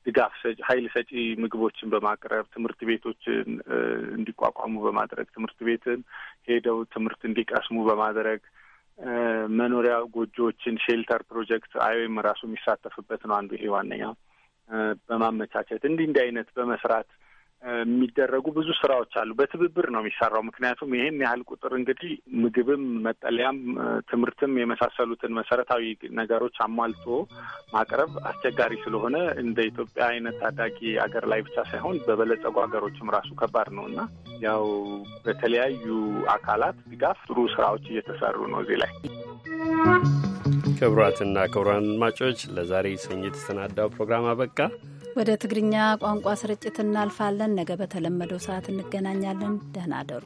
ድጋፍ ሰጪ ኃይል ሰጪ ምግቦችን በማቅረብ ትምህርት ቤቶችን እንዲቋቋሙ በማድረግ ትምህርት ቤትን ሄደው ትምህርት እንዲቀስሙ በማድረግ መኖሪያ ጎጆዎችን ሼልተር ፕሮጀክት አይወይም ራሱ የሚሳተፍበት ነው። አንዱ ይሄ ዋነኛው በማመቻቸት እንዲህ እንዲህ አይነት በመስራት የሚደረጉ ብዙ ስራዎች አሉ። በትብብር ነው የሚሰራው። ምክንያቱም ይህን ያህል ቁጥር እንግዲህ ምግብም፣ መጠለያም፣ ትምህርትም የመሳሰሉትን መሰረታዊ ነገሮች አሟልቶ ማቅረብ አስቸጋሪ ስለሆነ እንደ ኢትዮጵያ አይነት ታዳጊ አገር ላይ ብቻ ሳይሆን በበለጸጉ ሀገሮችም ራሱ ከባድ ነው እና ያው በተለያዩ አካላት ድጋፍ ጥሩ ስራዎች እየተሰሩ ነው እዚህ ላይ። ክቡራትና ክቡራን አድማጮች ለዛሬ ሰኞ የተሰናዳው ፕሮግራም አበቃ። ወደ ትግርኛ ቋንቋ ስርጭት እናልፋለን። ነገ በተለመደው ሰዓት እንገናኛለን። ደህና አደሩ።